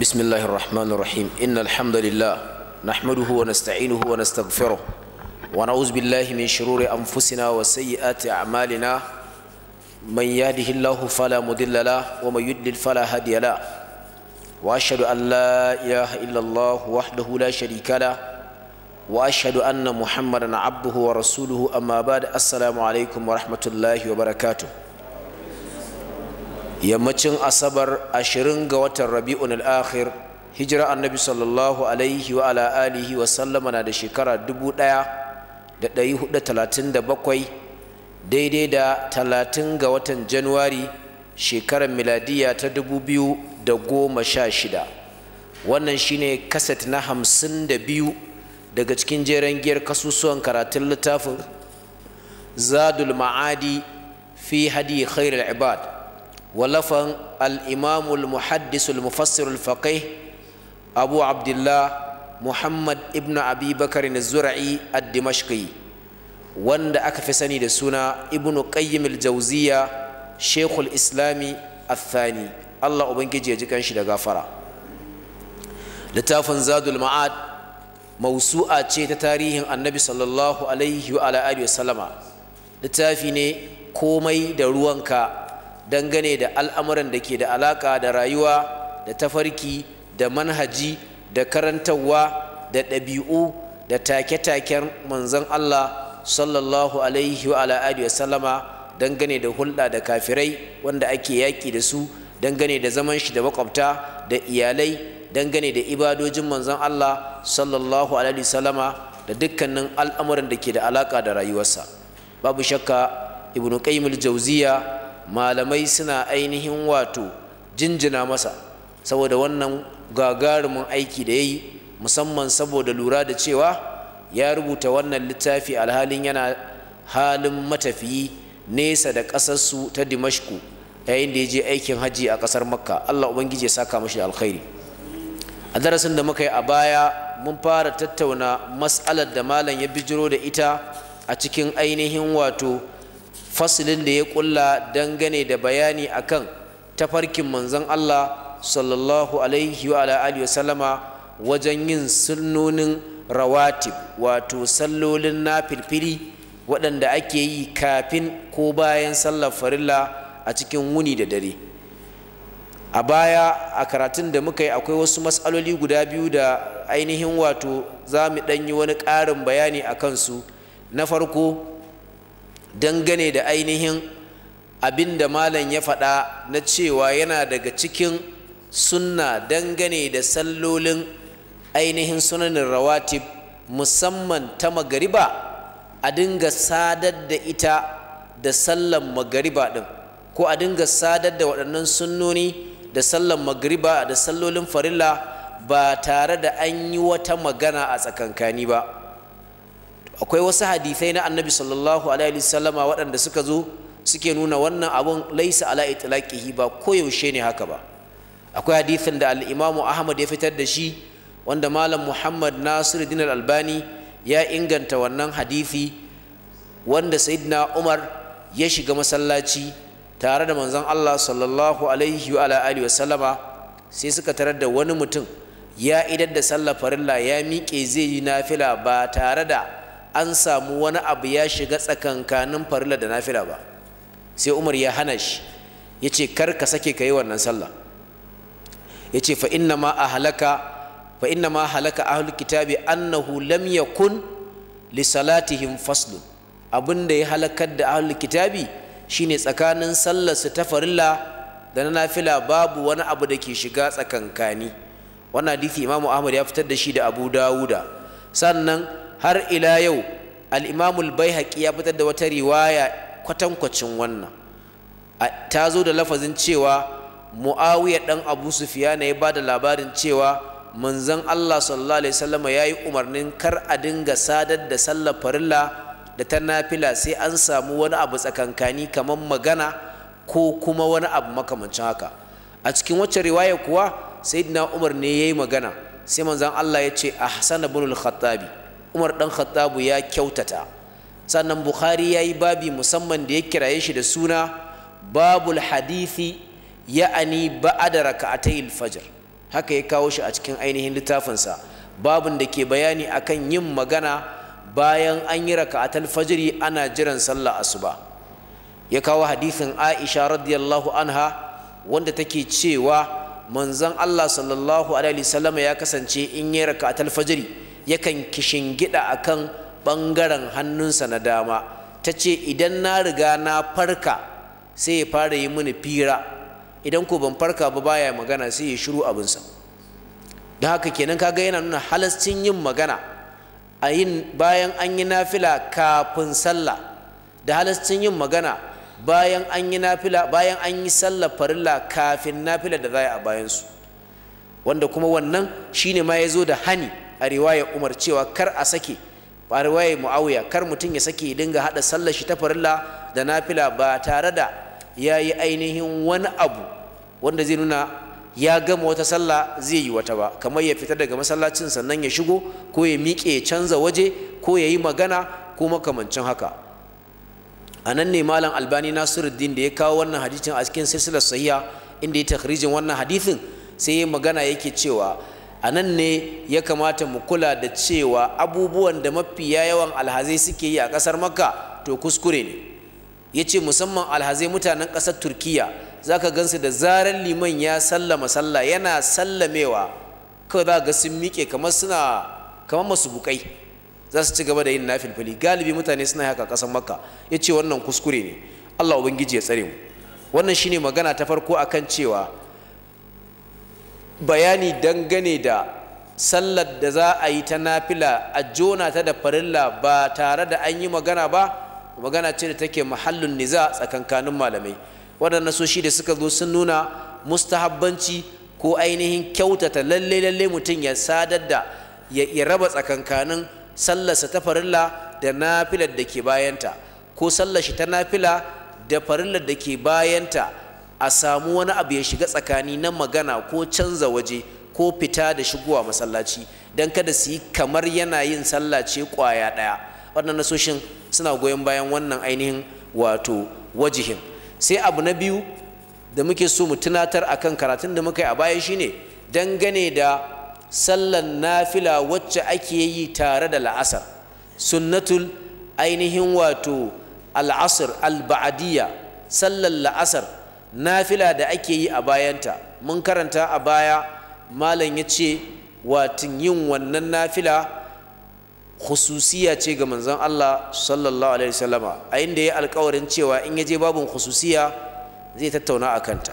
بسم الله الرحمن الرحيم إن الحمد لله نحمده ونستعينه ونستغفره ونعوذ بالله من شرور أنفسنا وسيئات أعمالنا من يهده الله فلا مضل له ومن يضلل فلا هادي له وأشهد أن لا إله إلا الله وحده لا شريك له وأشهد أن محمدا عبده ورسوله أما بعد السلام عليكم ورحمة الله وبركاته yammacin asabar ashirin ga watan rabi'un al'akhir hijira annabi sallallahu alaihi wa ala wa sallama na da shekara dubu ɗaya da ɗari hudu talatin da bakwai daidai da talatin ga watan januwari shekarar miladiya ta dubu biyu da goma sha shida wannan shine kaset na hamsin da biyu daga cikin jeren giyar kasusuwan karatun littafin zadul ma'adi fi hadi khairul ibad ولفن الإمام المحدث المفسر الفقيه أبو عبد الله محمد ابن أبي بكر الزرعي الدمشقي وند أكفسني لسنة ابن قيم الجوزية شيخ الإسلام الثاني الله أبنجي يجيكن شي غفرة لتافن زاد المعاد موسوعة تاريخ تاريخ النبي صلى الله عليه وعلى آله وسلم littafi ne komai da ruwanka dangane da al'amuran da ke da alaƙa da rayuwa da tafarki da manhaji da karantarwa da ɗabi'u da take-taken manzon Allah sallallahu alaihi wa alihi wasallama dangane da hulɗa da kafirai wanda ake yaƙi da su dangane da zaman shi da makwabta da iyalai dangane da ibadojin manzon Allah sallallahu alaihi wasallama da dukkanin al'amuran da ke da alaƙa da rayuwarsa babu shakka ibnu qayyim Jauziya. malamai suna ainihin wato jinjina masa saboda wannan gagarumin aiki da ya yi musamman saboda lura da cewa ya rubuta wannan littafi alhalin yana halin matafiyi nesa da ƙasarsu ta dimashku yayin da ya je aikin hajji a ƙasar makka allah ubangiji ya saka mashi da alkhairi a darasin da muka yi a baya mun fara tattauna matsalar da malam ya bijiro da ita a cikin ainihin wato fasilin da ya kulla dangane da bayani akan tafarkin manzon Allah sallallahu alaihi wa alihi wajen yin sunnonin rawatib wato sallolin na filfili waɗanda ake yi kafin ko bayan sallar farilla a cikin wuni da dare a baya a karatun da muka yi akwai wasu matsaloli guda biyu da ainihin wato za mu yi wani ƙarin bayani a kansu na farko dangane da ainihin abinda malam ya faɗa na cewa yana daga cikin sunna dangane da sallolin ainihin sunanin rawatib musamman ta magariba a dinga sadar da ita da sallan magariba ɗin ko a dinga sadar da waɗannan sunnoni da sallan magariba da sallolin farilla ba tare da an yi wata magana a tsakankani ba akwai wasu hadithai na annabi sallallahu alaihi waɗanda suka zo suke nuna wannan abun laisa ala itlaqihi ba koyaushe ne haka ba akwai hadithin da al-imamu ahmad ya fitar da shi wanda malam muhammad nasiruddin al-albani ya inganta wannan hadithi wanda sayyidina umar ya shiga masallaci tare da manzon Allah sallallahu alaihi wa alihi sai suka tarar da wani mutum ya idar da sallar farilla ya miƙe zai yi nafila ba tare da an samu wani abu ya shiga tsakankanin farilla da nafila ba sai umar ya hana shi ya ce kar ka sake ka yi wannan sallah ya ce fa inna ma a halaka fa inna ma halaka ahlul kitabi annahu lam yakun li abinda ya halakar da ahlul kitabi shine tsakanin sallarsu ta farilla da na nafila babu wani abu da ke shiga tsakankani wannan hadithi imamu ahmad ya fitar da shi da abu dawuda sannan har ila yau al'imamul bai haƙi ya fitar da wata riwaya kwatankwacin wannan ta zo da lafazin cewa mu'awiyar ɗan abu na ya ba da labarin cewa manzon allah sallallahu alaihi wasallama ya yi umarnin kar a dinga sadar da sallar farilla da ta nafila sai an samu wani abu tsakankani kamar magana ko kuma wani abu makamancin haka a cikin wacce riwaya kuwa sayyidina umar ne ya yi magana sai manzon allah ya ce A ahsan ibn al-khattabi umar ɗan khattabu ya kyautata sannan bukhari ya yi babi musamman da ya kiraye shi da suna babul hadithi ya'ani ba'ada raka'atayil fajr haka ya kawo shi a cikin ainihin littafinsa babun da ke bayani a kan yin magana bayan an yi raka'atul fajri ana jiran sallah asuba ya kawo hadithin Aisha radiyallahu anha wanda take cewa manzon Allah sallallahu alaihi wasallam ya kasance in yi raka'atul fajri yakan kishingida a kan ɓangaren hannunsa na dama ta ce idan na riga na farka sai ya fara yi mini fira idan ko ban farka ba baya magana sai ya shiru abinsa da haka kenan kaga yana nuna halascin yin magana a yin bayan an yi nafila kafin sallah da halascin yin magana bayan an yi nafila bayan an yi sallah farilla kafin nafila da za a bayansu wanda kuma wannan shine ma ya zo da hani a riwayar umar cewa kar a sake a riwayar muawiya kar mutum ya sake ya dinga haɗa sallar shi ta farilla da nafila ba tare da ya yi ainihin wani abu wanda zai nuna ya gama wata sallah zai yi wata ba kamar ya fita daga masallacin sannan ya shigo ko ya miƙe ya canza waje ko ya yi magana ko makamancin haka a nan ne malam albani nasiruddin da ya kawo wannan hadisin a cikin silsilar sahiha inda ya takhrijin wannan hadisin sai ya magana yake cewa a nan ne ya kamata mu kula da cewa abubuwan da mafiya yawan alhazai suke yi a ƙasar makka to kuskure ne ya ce musamman alhazai mutanen ƙasar turkiya za ka gansu da zarar liman ya sallama sallah yana sallamewa kawai za ga sun miƙe kamar suna kamar masu bukai za su ci gaba da yin nafilfili galibi mutane suna haka ƙasar makka ya ce wannan kuskure ne allah ubangiji ya tsare mu wannan shine magana ta farko akan cewa bayani dangane da sallar da za a yi ta nafila a jona ta da farilla ba tare da an yi magana ba magana ce da take mahallun niza tsakankanin malamai so soshi da suka zo sun nuna mustahabbanci ko ainihin kyautata lalle lalle mutum ya sadar da ya raba tsakankanin sallarsa ta farilla da nafilar da ke bayanta ko sallar shi ta nafila da farillar da ke bayanta a samu wani abu ya shiga tsakani na magana ko canza waje ko fita da shigowa masallaci don kada su yi kamar yana yin sallace kwaya ɗaya wannan nasoshin suna goyon bayan wannan ainihin wato wajihin sai abu na biyu da muke so mu tunatar akan karatun da muka yi a baya shine dangane da sallan nafila wacce ake yi tare da la'asar sunnatul ainihin wato al'asr al baadiyya sallan la'asar nafila da ake yi a bayanta mun karanta a baya malam ya ce watin yin wannan nafila khususiya ce ga manzon Allah sallallahu alaihi wasallama a inda ya alkawarin cewa in ya je babin khususiya zai tattauna a kanta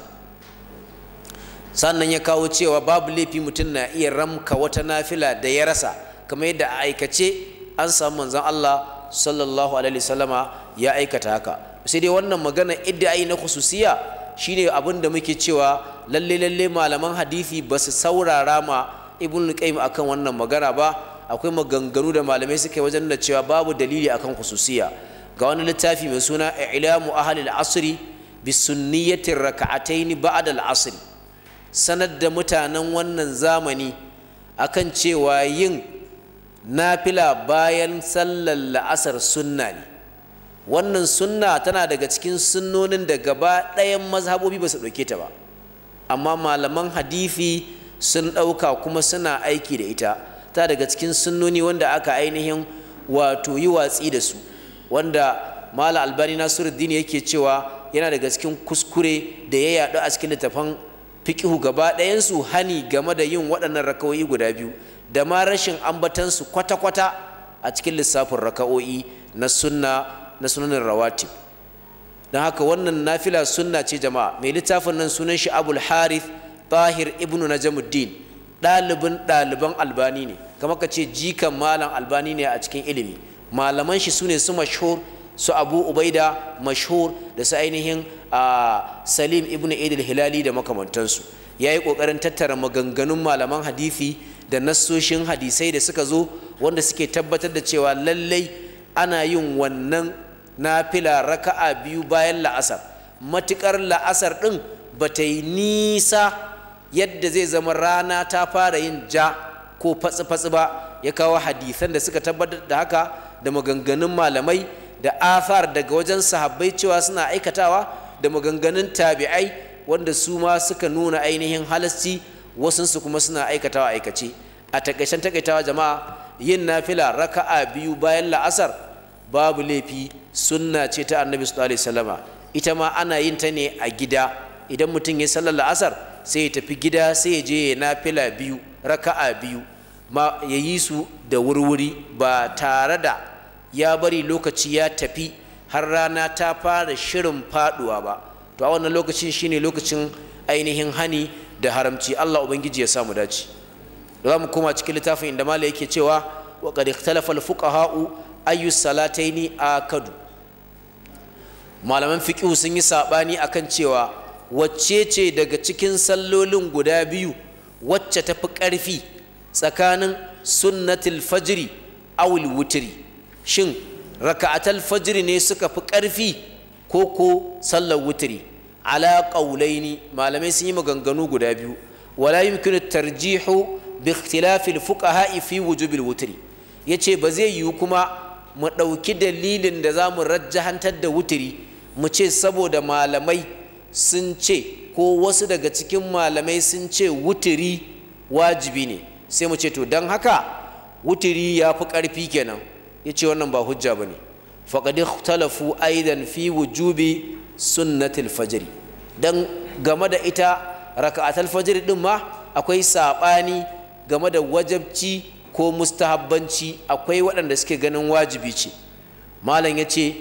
sannan ya kawo cewa babu laifi mutum na iya ramka wata nafila da ya rasa kamar yadda a aikace an samu manzon Allah sallallahu alaihi wasallama ya aikata haka sai dai wannan magana idda ai na khususiya shine abin da muke cewa lalle lalle malaman hadisi ba su saurara ma ibn qayyim akan wannan magana ba akwai maganganu da malamai suka wajen da cewa babu dalili akan khususiya ga wani littafi mai suna ilamu ahli al-asri bi sunniyati rak'atayn ba'da al sanar da mutanen wannan zamani akan cewa yin nafila bayan sallar la'asar sunna ne wannan sunna tana daga cikin sunnonin da gaba ɗayan mazhabobi ba su ɗauke ta ba amma malaman hadifi sun ɗauka kuma suna aiki da ita ta daga cikin sunnoni wanda aka ainihin wato yi watsi da su wanda mala albani nasiruddin yake cewa yana daga cikin kuskure da ya yaɗu a cikin littafan fikihu gaba ɗayansu hani game da yin waɗannan raka'o'i guda biyu da ma rashin ambatansu kwata-kwata a cikin lissafin raka'o'i na sunna na sunanin rawati don haka wannan nafila sunna ce jama'a mai littafin nan sunan shi abul harith tahir ibnu najamuddin ɗalibin ɗaliban albani ne kamar ka ce jikan malam albani ne a cikin ilimi malaman shi su ne su mashhur su abu ubaida mashhur da su ainihin a salim ibnu idil hilali da makamantansu ya yi ƙoƙarin tattara maganganun malaman hadithi da nassoshin hadisai da suka zo wanda suke tabbatar da cewa lallai ana yin wannan nafila raka'a biyu bayan la'asar matukar la'asar din bata yi nisa yadda zai zama rana ta fara yin ja ko fatsi-fatsi ba ya kawo hadisan da suka tabbatar da haka da maganganun malamai da athar daga wajen sahabbai cewa suna aikatawa da maganganun tabi'ai wanda su ma suka nuna ainihin halasci su kuma suna aikatawa aikace a takaicen takaitawa jama'a yin nafila raka'a biyu bayan la'asar babu laifi sunna ce ta annabi sallallahu alaihi wasallama ita ma ana yin ta ne a gida idan mutum ya sallar la'asar sai ya tafi gida sai ya je ya nafila biyu raka'a biyu ma ya yi su da wurwuri ba tare da ya bari lokaci ya tafi har rana ta fara shirin faduwa ba to a wannan lokacin shine lokacin ainihin hani da haramci Allah ubangiji ya samu dace za mu koma cikin littafin inda mala yake cewa wa qad ikhtalafa al-fuqaha'u ayu a Kadu malaman fiqhu sun yi a akan cewa wacce ce daga cikin sallolin guda biyu wacce tafi ƙarfi tsakanin sunnatul fajiri awul wutiri shin raka'atul fajiri ne suka fi ƙarfi ko ko sallar wutiri ala ƙaulaini malamai sun yi maganganu guda biyu wala yumkinu tarjihu bi ikhtilafil fuqaha fi wujubil wutri yace ba zai yiwu kuma mu ɗauki dalilin da za mu rajjahantar da wuturi mu ce saboda malamai sun ce ko wasu daga cikin malamai sun ce wuturi wajibi ne sai mu ce to don haka wuturi ya fi ƙarfi kenan ya ce wannan ba hujja ba ne faƙaɗi talafu aidan fi wujubi sunnatul fajiri don game da ita raka'atul fajiri ɗin ma akwai saɓani game da wajabci ko mustahabbanci akwai waɗanda suke ganin wajibi ce malam ya ce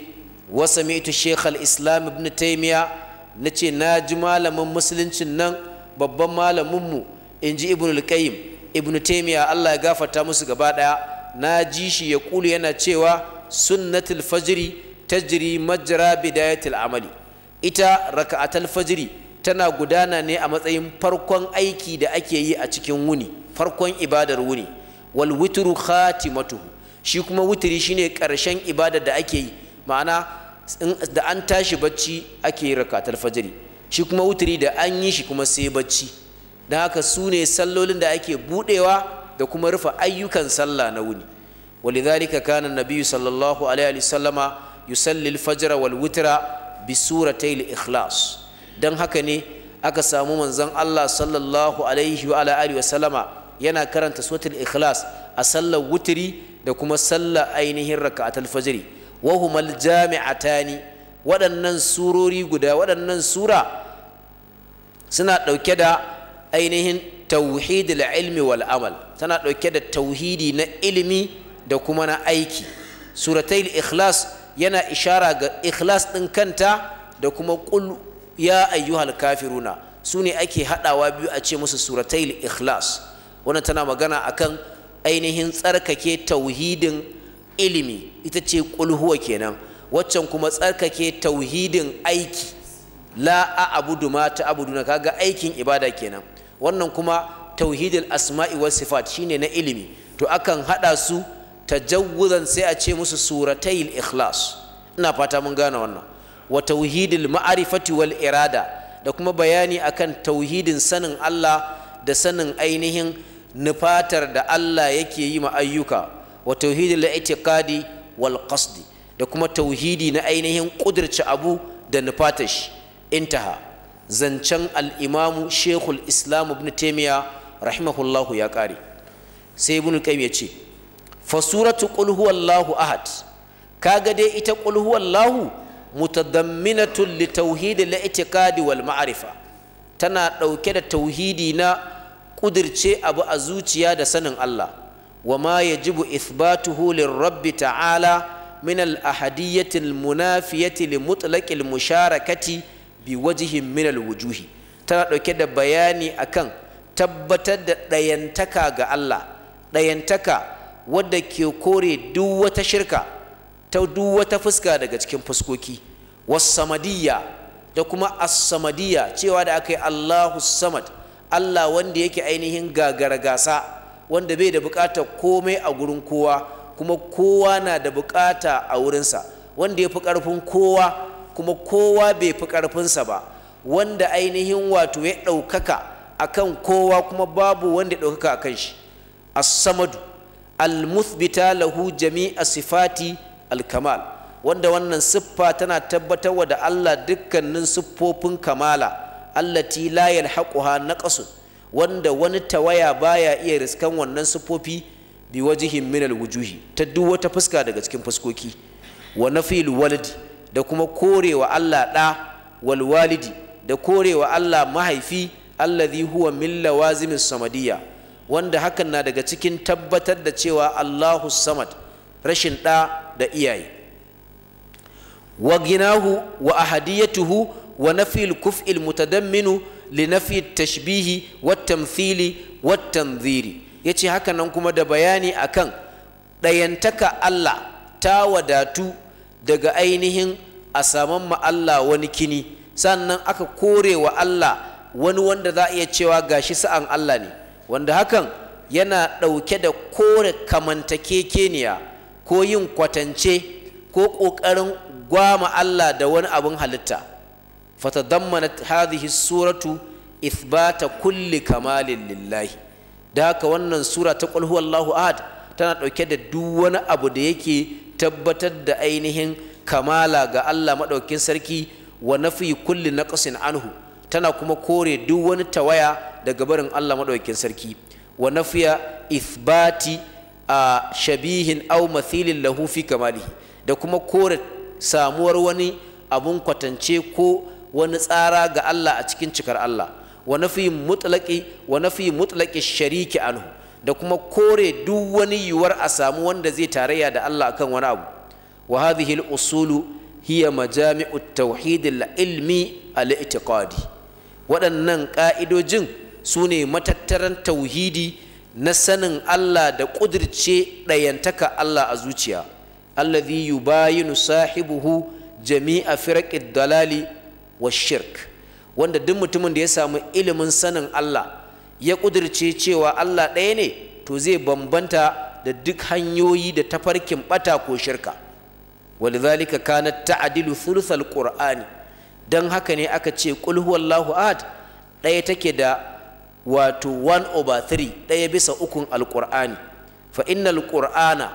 wasa mitu shekhal islam ibn taimiya na ce na ji malamin musuluncin nan babban malaminmu in ji ibn alƙayyim ibn taimiya allah ya gafata musu gaba ɗaya na ji shi ya kulu yana cewa sunnatul fajiri tajri majra bidayatul amali ita raka'atul fajiri tana gudana ne a matsayin farkon aiki da ake yi a cikin wuni farkon ibadar wuni wal witru khatimatuhu shi kuma wutiri shine karshen ibada da ake yi ma'ana da an tashi bacci ake rakatul fajri shi kuma wutiri da an yi shi kuma sai bacci don haka su ne sallolin da ake budewa da kuma rufe ayyukan sallah na wuni walidhalika kana nabiyyu sallallahu alaihi wasallama yusalli al-fajr wal witra bi suratayil ikhlas dan haka ne aka samu manzon Allah sallallahu alaihi wa yana karanta suratul ikhlas a sallar wutiri da kuma sallar ainihin raka'atul fajri wa humal jami'atani waɗannan surori guda waɗannan sura suna ɗauke da ainihin tauhidul ilmi wal amal tana ɗauke da tauhidi na ilimi da kuma na aiki suratul ikhlas yana ishara ga ikhlas ɗin kanta da kuma qul ya ayyuhal kafiruna su ne ake haɗawa biyu a ce musu suratul ikhlas wannan tana magana akan ainihin tsarkake tauhidin ilimi ita ce kulhuwa kenan waccan kuma tsarkake tauhidin aiki la a abudu ma ta abudu na kaga aikin ibada kenan wannan kuma tauhidin asma'i was sifat shine na ilimi to akan hada su tajawuzan sai a ce musu suratayil ikhlas ina fata mun gane wannan wa tauhidil ma'rifati wal irada da kuma bayani akan tauhidin sanin Allah da sanin ainihin nufatar da Allah yake yi ma ayyuka wa tauhidul i'tiqadi wal qasdi da kuma tauhidi na ainihin kudirce abu da nufatar shi intaha zancen al-imamu shekul islam ibn taimiya rahimahullahu ya kare sai ibn qayyim ya ce fa suratu qul huwallahu ahad kaga dai ita qul huwallahu mutadamminatun li tauhid al-i'tiqadi wal ma'rifa tana dauke da tauhidi na ƙudirce abu a zuciya da sanin Allah wa ma yajibu ithbatuhu lirrabbi ta'ala min al-ahadiyyati al-munafiyati li mutlaqi al-musharakati bi wajhin min al-wujuhi tana dauke da bayani akan tabbatar da dayantaka ga Allah dayantaka wadda ke kore duk wata shirka ta duk wata fuska daga cikin fuskoki was samadiyya da kuma as-samadiyya cewa da aka yi Allahu samad Allah wanda yake ainihin gagara gasa wanda bai da bukata komai a gurin kowa kuma kowa na da bukata a wurinsa wanda ya fi ƙarfin kowa kuma kowa bai fi karfinsa ba wanda ainihin wato ya ɗaukaka kan kowa kuma babu wanda ya ɗaukaka kan shi a samadu al lahu jami'a sifati al-kamal wanda wannan siffa tana tabbatarwa da Allah dukkanin siffofin kamala allati la yalhaquha naqasu wanda wani tawaya baya iya riskan wannan sufofi bi wajihin min alwujuhi ta duk wata fuska daga cikin fuskoki wa nafil walidi da kuma korewa Allah da wal walidi da korewa Allah mahaifi allazi huwa min lawazimis samadiyya wanda hakan na daga cikin tabbatar da cewa Allahu samad rashin da da iyaye wa ginahu wa ahadiyatuhu wa nafil kuf'il mutadamminu li nafi tashbihi wat tamthili wat tanziri yace haka nan kuma da bayani akan ɗayantaka Allah ta wadatu daga ainihin a saman ma Allah wani kini sannan aka kore wa Allah wani wanda za a iya cewa ga shi sa'an Allah ne wanda hakan yana ɗauke da kore kamantakekeniya ko yin kwatance ko ƙoƙarin gwama Allah da wani abin halitta fatadammanat hadhihi suratu ithbata kulli kamalin lillahi da haka wannan sura ta qul Lahu ahad tana dauke da duk wani abu da yake tabbatar da ainihin kamala ga Allah madaukakin sarki wa nafi kulli naqsin anhu tana kuma kore duk wani tawaya daga barin Allah maɗaukin sarki wa nafiya ithbati a shabihin aw mathilin lahu fi da kuma kore samuwar wani abun kwatance ko wani tsara ga Allah a cikin cikar Allah wa nafi mutlaqi wa nafi shariki anhu da kuma kore duk wani yiwuwar a samu wanda zai tarayya da Allah akan wani abu wa hadhihi al-usulu hiya majami'u at-tauhid al-ilmi al-i'tiqadi waɗannan ƙa'idojin su ne matattaran tauhidi na sanin Allah da ƙudirce ɗayantaka Allah a zuciya alladhi yubayinu sahibuhu jami'a firaqid dalali wa shirk wanda duk mutumin da ya samu ilimin sanin Allah ya kudirce cewa Allah ɗaya ne to zai bambanta da duk hanyoyi da tafarkin bata ko shirka walidhalika kana ta'dilu thuluthal ƙurani dan haka ne aka ce qul huwallahu ahad ɗaya take da wato 1 over 3 ɗaya bisa ukun alqur'ani fa innal qur'ana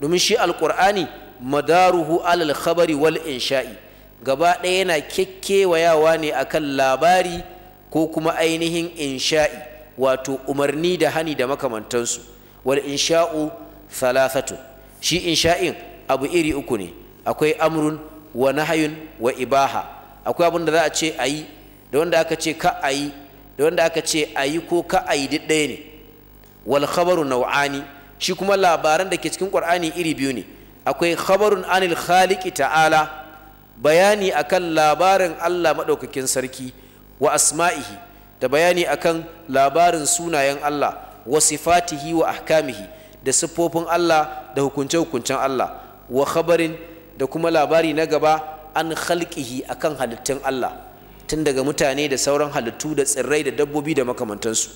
domin shi alqur'ani madaruhu alal khabari wal insha'i gaba ɗaya yana kekkewayawa ne a kan labari ko kuma ainihin insha'i wato umarni da hani da makamantansu wal insha'u thalathatu shi insha'in abu iri uku ne akwai amrun wa nahayun wa ibaha akwai abin da za a ce ayi da wanda aka ce ka ayi da wanda aka ce ayi ko ka ayi duk ɗaya ne wal khabaru nau'ani shi kuma labaran da ke cikin ƙur'ani iri biyu ne akwai khabarun anil khaliqi ta'ala bayani akan labarin Allah maɗaukakin sarki wa asma'ihi da bayani akan labarin sunayen Allah wa sifatihi wa ahkamihi da siffofin Allah da hukunce-hukuncen Allah wa khabarin da kuma labari na gaba an khalqihi akan halittun Allah tun daga mutane da sauran halittu da tsirrai da dabbobi da makamantansu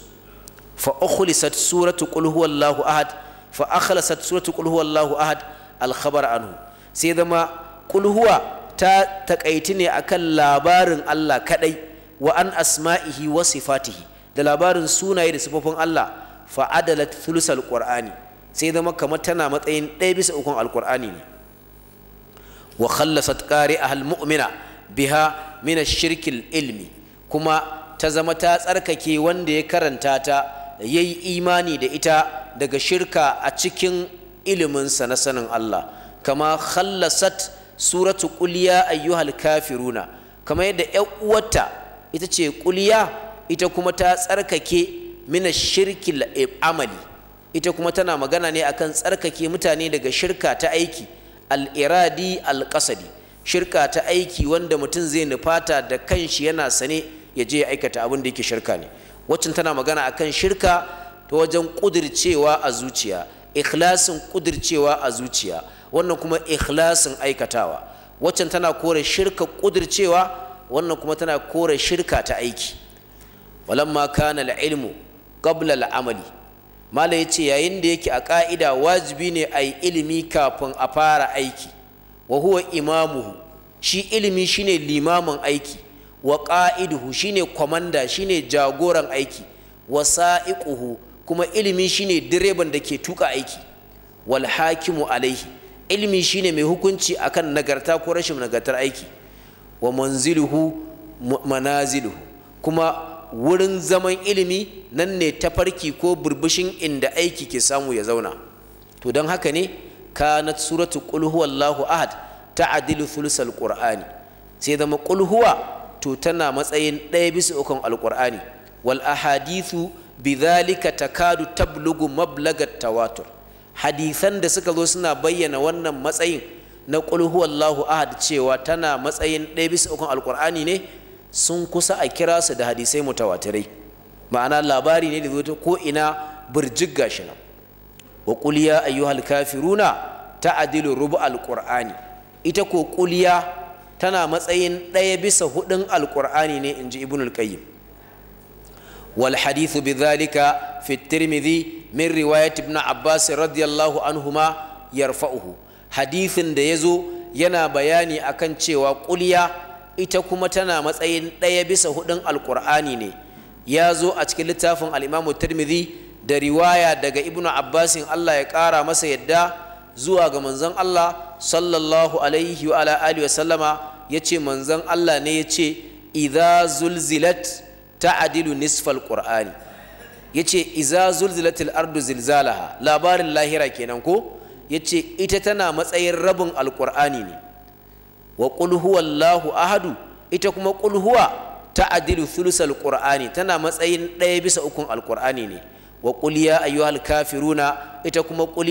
fa ukhlisat suratu qul huwallahu ahad fa akhlasat suratu qul huwallahu ahad al khabar anhu sai zama qul huwa ta takaiti ne akan labarin Allah kadai wa an asma'ihi wa sifatihi da labarin sunaye da sifofin Allah fa adalat thulusal alqur'ani sai zama kamar tana matsayin ɗaya bisa ukun alqur'ani ne wa khallasat qari'aha mu'mina biha min shirkin ilmi kuma ta zama ta tsarkake wanda ya karanta ta yayi imani da ita daga shirka a cikin iliminsa na sanin Allah kama khallasat suratu kuliya ayyuhal kafiruna kamar yadda ‘yan uwarta ita ce kuliya ita kuma ta tsarkake mina shirkil amali ita kuma tana magana ne akan tsarkake mutane daga shirka ta aiki al'iradi al'kasari shirka ta aiki wanda mutum zai nufata da kanshi yana sane ya je ya aikata abin da yake shirka ne waccan tana magana akan shirka ta wajen ƙudircewa a zuciya ikhlasin ƙudircewa a zuciya wannan kuma ikhlasin aikatawa waccan tana kore shirka kudircewa wannan kuma tana kore shirka ta aiki walamma kana al-ilmu qabla al-amali mala yace yayin da yake a ka'ida wajibi ne ai ilimi kafin a fara aiki wa huwa imamuhu shi ilimi shine limamin aiki wa qa'iduhu shine komanda shine jagoran aiki wa sa'iquhu kuma ilimi shine direban da ke tuka aiki wal hakimu alaihi ilimi shine mai hukunci akan nagarta ko rashin nagartar aiki wa manziluhu manaziluhu kuma wurin zaman ilimi nan ne ta farki ko burbushin inda aiki ke samu ya zauna to don haka ne kanat suratu qul huwallahu ahad ta adilu thulsal qur'ani sai zama qul to tana matsayin ɗaya bisa ukun alqur'ani wal ahadithu bidhalika takadu tablugu mablagat tawatur hadisan da suka zo suna bayyana wannan matsayin na qul huwallahu ahad cewa tana matsayin ɗaya bisa ukun alqur'ani ne sun kusa a kira su da hadisai mutawatirai ma'ana labari ne da zo ta ko ina burjig gashi nan wa qul ya ayyuhal kafiruna ta'dilu rubu alqur'ani ita ko qul ya tana matsayin ɗaya bisa hudun alqur'ani ne inji ibnul qayyim wal hadithu bidhalika fi at-tirmidhi min riwayat ibn abbas radiyallahu anhuma yarfa'uhu hadithin da yazo yana bayani akan cewa kulya ita kuma tana matsayin ɗaya bisa hudun alkur'ani ne ya zo a cikin littafin al'imamu tirmidhi da riwaya daga ibnu abbasin allah ya ƙara masa yadda zuwa ga manzon allah sallallahu alaihi wa alihi wa sallama ya ce manzon allah ne ya ce idha zulzilat ta'adilu nisfal qur'ani yace iza zulzilatil ardu zilzalaha labarin lahira kenan ko yace ita tana matsayin rabin alkur'ani ne wa qul huwallahu ahadu ita kuma ƙulhuwa ta adilu thulusal qur'ani tana matsayin ɗaya bisa ukun alkur'ani ne wa ya ayyuhal kafiruna ita kuma qul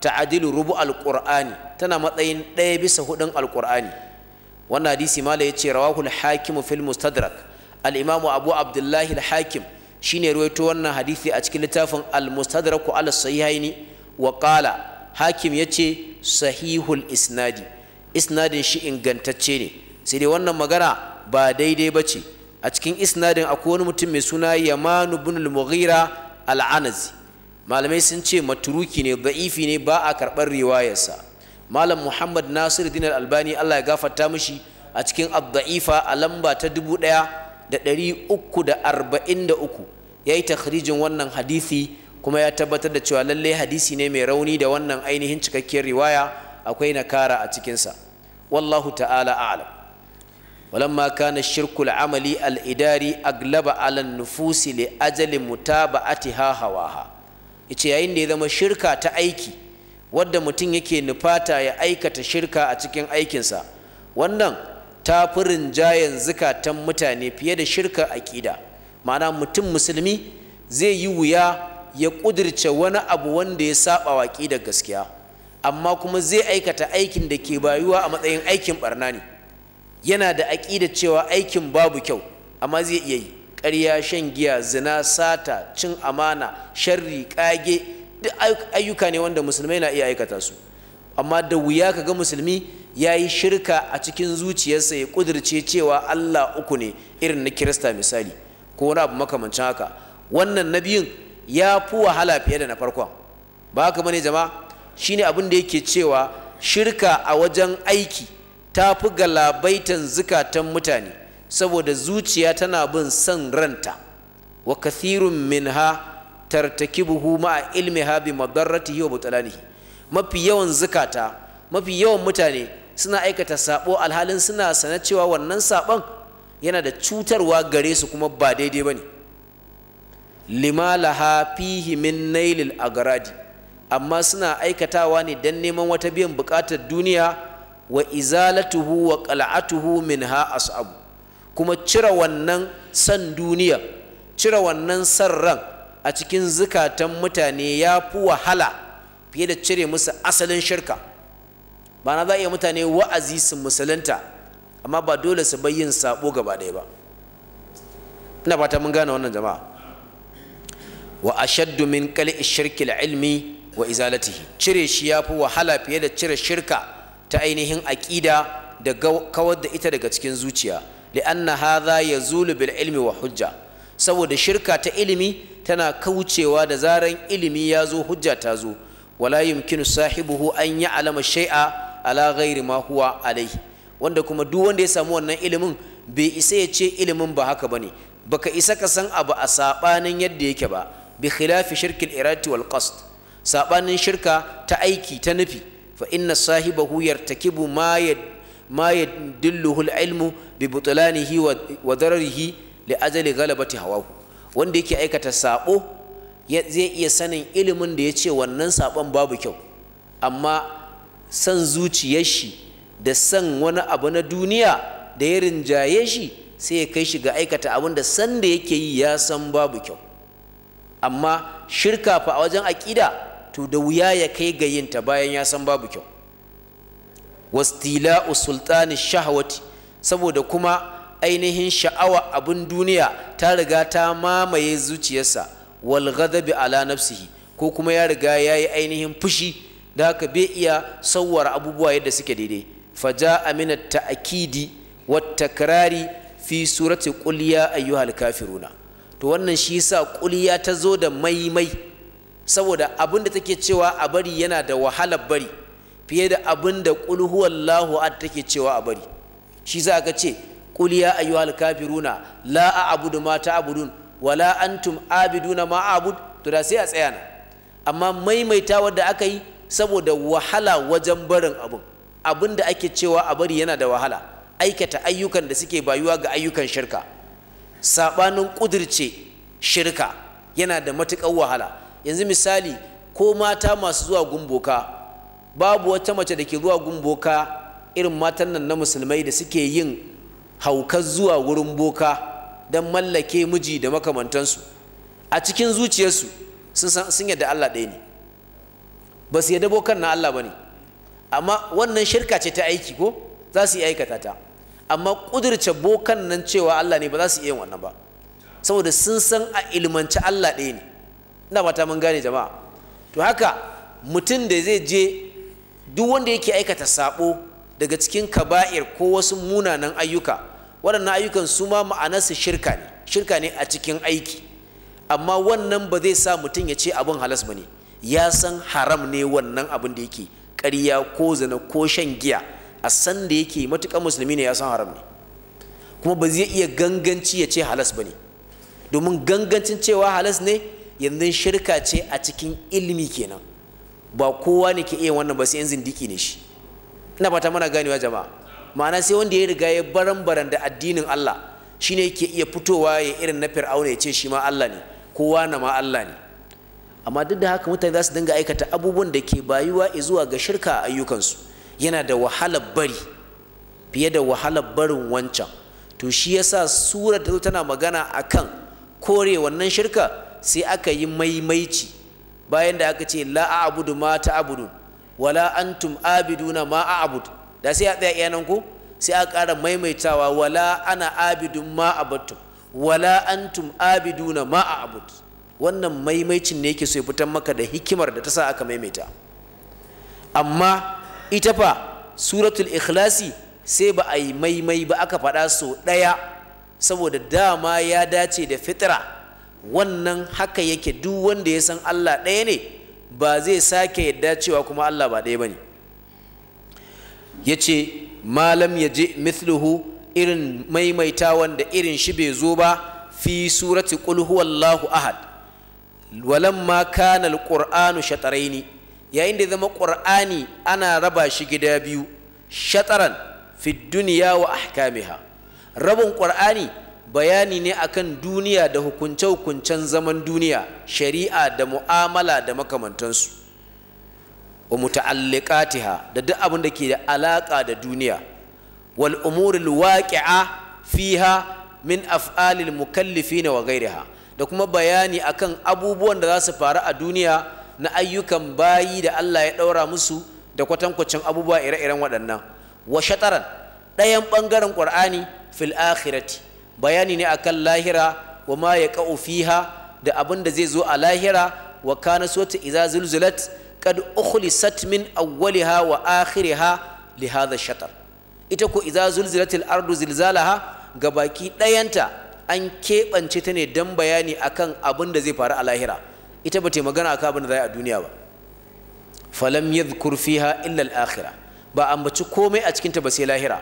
ta adilu rubu alqur'ani tana matsayin ɗaya bisa hudun alkur'ani wannan hadisi mala ce rawahul hakim fil mustadrak al-imamu abu abdullahi al-hakim shine ruwaito wannan hadisi a cikin littafin al-mustadrak ala sahihaini wa qala hakim yace sahihul isnadi isnadin shi ingantacce ne sai dai wannan magana ba daidai bace a cikin isnadin akwai wani mutum mai suna Yaman ibn al-Mughira al-Anazi malamai sun ce maturuki ne da'ifi ne ba a karɓar riwayarsa malam Muhammad Nasiruddin al-Albani Allah ya gafarta mishi a cikin ad-da'ifa a lamba ta dubu ɗaya da ɗari uku da arba'in da uku ya yi takhrijin wannan hadisi kuma ya tabbatar da cewa lalle hadisi ne mai rauni da wannan ainihin cikakkiyar riwaya akwai nakara a cikinsa wallahu ta'ala a'lam walamma kana shirkul amali al-idari aglaba ala nufusi li ajali mutaba'atiha hawaha yace yayin da ya zama shirka ta aiki wadda mutum yake nufata ya aikata shirka a cikin aikinsa wannan ta fi rinjayen zukatan mutane fiye da shirka aƙida ma'ana mutum musulmi zai yi wuya ya ƙudirce wani abu wanda ya saba wa aƙidar gaskiya amma kuma zai aikata aikin da ke bayuwa a matsayin aikin barna ne yana da aƙida cewa aikin babu kyau amma zai iya yi karya shan giya zina sata cin amana sharri ƙage duk ayyuka ne wanda musulmai na iya aikata su amma da wuya ka ga musulmi ya yi shirka a cikin zuciyarsa ya kudirce cewa Allah uku ne irin na kirista misali ko wani abu makamancin haka wannan na biyun ya fi wahala fiye da na farkon ba haka bane jama'a shine abin da yake cewa shirka a wajen aiki ta fi galabaitan zukatan mutane saboda zuciya tana bin son ranta wa kathirun minha tartakibuhu ma'a ilmiha bi madarratihi wa butalanihi mafi yawan zukata mafi yawan mutane suna aikata sabo alhalin suna sana cewa wannan sabon yana da cutarwa gare su kuma ba daidai bane lima laha fihi min nailil agradi amma suna aikatawa ne dan neman wata biyan bukatar duniya wa izalatuhu wa qal'atuhu minha as'abu kuma cire wannan san duniya cire wannan san ran a cikin zukatan mutane ya fi wahala fiye da cire musu asalin shirka ba na za a iya mutane wa'azi su musulunta amma ba dole su bayyin saɓo gaba ɗaya ba ina fata mun gane wannan jama'a wa ashaddu min qal'i shirki ilmi wa izalatihi cire shi yafi wahala fiye da cire shirka ta ainihin aqida da kawar da ita daga cikin zuciya li'anna hadha yazulu bil ilmi wa hujja saboda shirka ta ilimi tana kaucewa da zaran ilimi ya zo hujja ta zo wala yumkinu sahibuhu an ya'lama shay'a ala ghairi ma huwa alai wanda kuma duk wanda ya samu wannan ilimin bai isa ya ce ilimin ba haka bane baka isa ka san abu a sabanin yadda yake ba bi khilafi shirkil irati wal qasd sabanin shirka ta aiki ta nufi fa inna sahibahu yartakibu ma yad ma yadilluhu ilmu bi butlanihi wa dararihi li ajali ghalabati hawahu wanda yake aikata sabo zai iya sanin ilimin da ya ce wannan sabon babu kyau amma san zuciyar shi da san wani abu na duniya da ya rinjaye shi sai ya kai shi ga aikata abin da san da yake yi ya san babu kyau amma shirka fa a wajen aƙida to da wuya ya kai ga yinta bayan ya san babu kyau wastila'u sultani shahawati saboda kuma ainihin sha'awa abin duniya ta riga ta mamaye zuciyarsa wal ghadabi ala nafsihi ko kuma ya riga yayi ainihin fushi da haka bai iya sauwara abubuwa yadda suke daidai faja amina ta ta'akidi wata karari fi surati kuliya ayyuhal kafiruna to wannan shi yasa kuliya ta zo da maimai saboda abin da take cewa a bari yana da wahalar bari fiye da abin da qul huwallahu take cewa a bari shi za ka ce qul ya ayyuhal kafiruna la a'budu ma ta'budun wala antum abiduna ma a'bud to da sai a tsaya amma maimaita wadda aka yi saboda wahala wajen barin abun abin da ake cewa a bari yana da wahala aikata ayyukan da suke bayuwa ga ayyukan shirka saɓanin ƙudirce shirka yana da matukar wahala yanzu misali ko mata masu zuwa gumboka babu wata mace da ke zuwa gumboka irin matan nan na musulmai da suke yin haukar zuwa wurin boka don mallake miji da makamantansu a cikin zuciyarsu sun yadda Allah ɗaya ne ba su yadda bokan na Allah ba ne amma wannan shirka ce ta aiki ko za su yi aikata ta amma ƙudurce bokan nan cewa Allah ne ba za su iya wannan ba saboda sun san a ilmanci Allah ɗaya ne ina fata mun gane jama'a to haka mutum da zai je duk wanda yake aikata sabo daga cikin kaba'ir ko wasu munanan ayyuka waɗannan ayyukan su ma ma'anarsu shirka ne shirka ne a cikin aiki amma wannan ba zai sa mutum ya ce abin halas ba ne ya san haram ne wannan abin da yake ƙarya ko zina ko shan giya a san da yake matuƙar musulmi ne ya san haram ne kuma ba zai iya ganganci ya ce halas ba ne domin gangancin cewa halas ne yanzu shirka ce a cikin ilimi kenan ba kowa ne ke iya wannan ba sai yan zindiki ne shi ina fata mana ganewa jama'a ma'ana sai wanda ya riga ya baran-baran da addinin Allah shine yake iya fitowa ya irin na Fir'auna ya ce shi ma Allah ne kowa na ma Allah ne amma duk da haka mutane za su dinga aikata abubuwan da ke bayuwa zuwa ga shirka a ayyukansu yana da wahalar bari fiye da wahalar barin wancan to shi yasa sura da tana magana akan kore wannan shirka sai aka yi maimaici bayan da aka ce la a'budu ma ta'budun wala antum abiduna ma a'bud da sai a tsaya iyanan ku sai aka kara maimaitawa wala ana abidun ma abudu wala antum abiduna ma abudu. wannan maimaicin ne yake so ya fitar maka da hikimar da ta sa aka maimaita amma ita fa suratul ikhlasi sai ba a yi maimai ba aka faɗa so ɗaya saboda dama ya dace da fitra wannan haka yake duk wanda ya san Allah ɗaya ne ba zai sake yadda cewa kuma Allah ba ɗaya ba ne ya ce malam ya je mithluhu irin maimaita da irin shi bai zo ba fi surati qul huwallahu ahad walamma kana alqur'anu shataraini yayin da zama qur'ani ana raba shi gida biyu shataran fi dunya wa ahkamiha rabin qur'ani bayani ne akan duniya da hukunce-hukuncen zaman duniya shari'a da mu'amala da makamantansu wa muta'alliqatiha da duk abin da ke da alaka da duniya wal umuril waqi'a fiha min af'alil mukallifina wa ghairiha da kuma bayani akan abubuwan da za su faru a duniya na ayyukan bayi da Allah ya ɗaura musu da kwatankwacin abubuwa ire-iren waɗannan wa shataran ɗayan ɓangaren ƙur'ani fil akhirati bayani ne akan lahira wa ma ya ƙa'u fiha da abin da zai zo a lahira wa kana sota iza zulzulat kad ukhlisat min awwaliha wa akhiriha li hadha shatar ita ko iza zulzilatil ardu zilzalaha ga baki ɗayanta. an keɓance ta ne don bayani akan abin da zai faru a lahira ita ba ta magana akan abin da za a duniya ba falam ya fiha illa akhira. Ba ba ambaci komai a cikinta ba sai lahira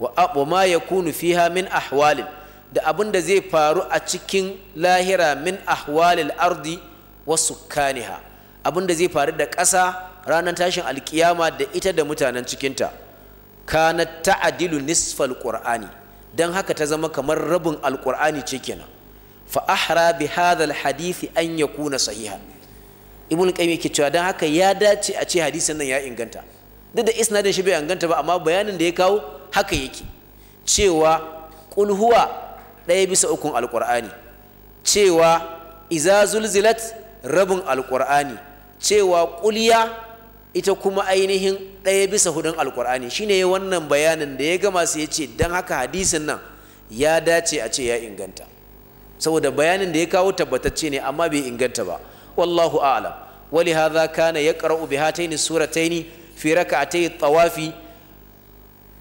wa ma ma yakunu fiha min ahwalin da abin da zai faru a cikin lahira min ahwalil ardi wasu kaniha. abin da zai faru da ƙasa ranar tashin alkiyama da ita da mutanen cikinta kanat ta'adilu nisfal ƙur'ani. don haka ta zama kamar rabin alkur'ani ce kenan fa ahra bi hadha alhadith an yakuna sahiha ibn qayyim yake cewa don haka ya dace a ce hadisin nan ya inganta duk da isnadin shi bai inganta ba amma bayanin da ya kawo haka yake cewa qul huwa ɗaya bisa ukun alkur'ani cewa iza zulzilat rabin alkur'ani cewa ƙulya ita kuma ainihin ɗaya bisa hudun alkur'ani shine wannan bayanin da ya gama su ya ce don haka hadisin nan ya dace a ce ya inganta saboda bayanin da ya kawo tabbatacce ne amma bai inganta ba wallahu a'lam wali hadha kana yaqra'u bi hataini surataini fi rak'atay tawafi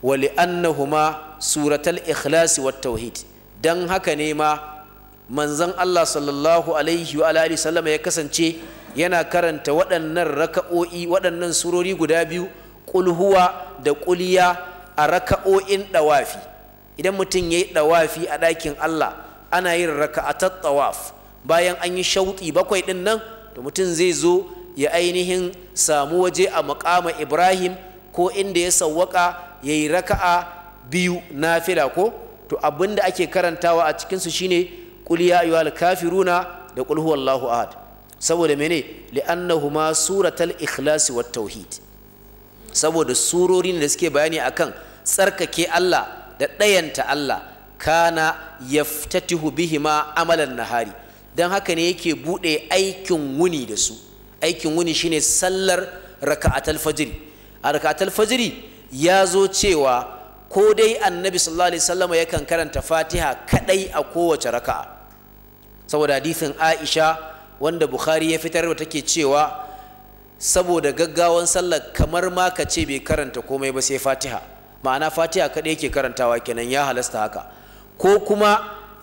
wa li'annahuma suratal ikhlas wat tauhid dan haka ne ma manzon Allah sallallahu alaihi wa alihi ya kasance yana karanta waɗannan raka'o'i waɗannan surori guda biyu ƙulhuwa da ƙuliya a raka'o'in ɗawafi idan mutum ya yi ɗawafi a ɗakin Allah ana yin raka'atar ɗawaf bayan an yi shauɗi bakwai ɗin nan to mutum zai zo ya ainihin samu waje a muƙama Ibrahim ko inda ya sauwaka ya yi raka'a biyu na fila ko to abinda ake karantawa a cikinsu shine ƙuliya ayyuhal kafiruna da ƙulhuwallahu ahad saboda mene li'annahuma suratal ikhlas wat tauhid saboda surorin da suke bayani akan tsarkake Allah da ɗayanta Allah kana yaftatihu bihima amalan nahari dan haka ne yake buɗe aikin wuni da su aikin wuni shine sallar raka'atul fajri a raka'atul fajri ya zo cewa ko dai annabi sallallahu alaihi wasallam yakan karanta fatiha kadai a kowace raka'a saboda hadisin aisha wanda bukhari ya fitar da take cewa saboda gaggawan sallar kamar ma ka ce bai karanta komai ba sai fatiha ma'ana fatiha kaɗai yake karantawa kenan ya halasta haka ko kuma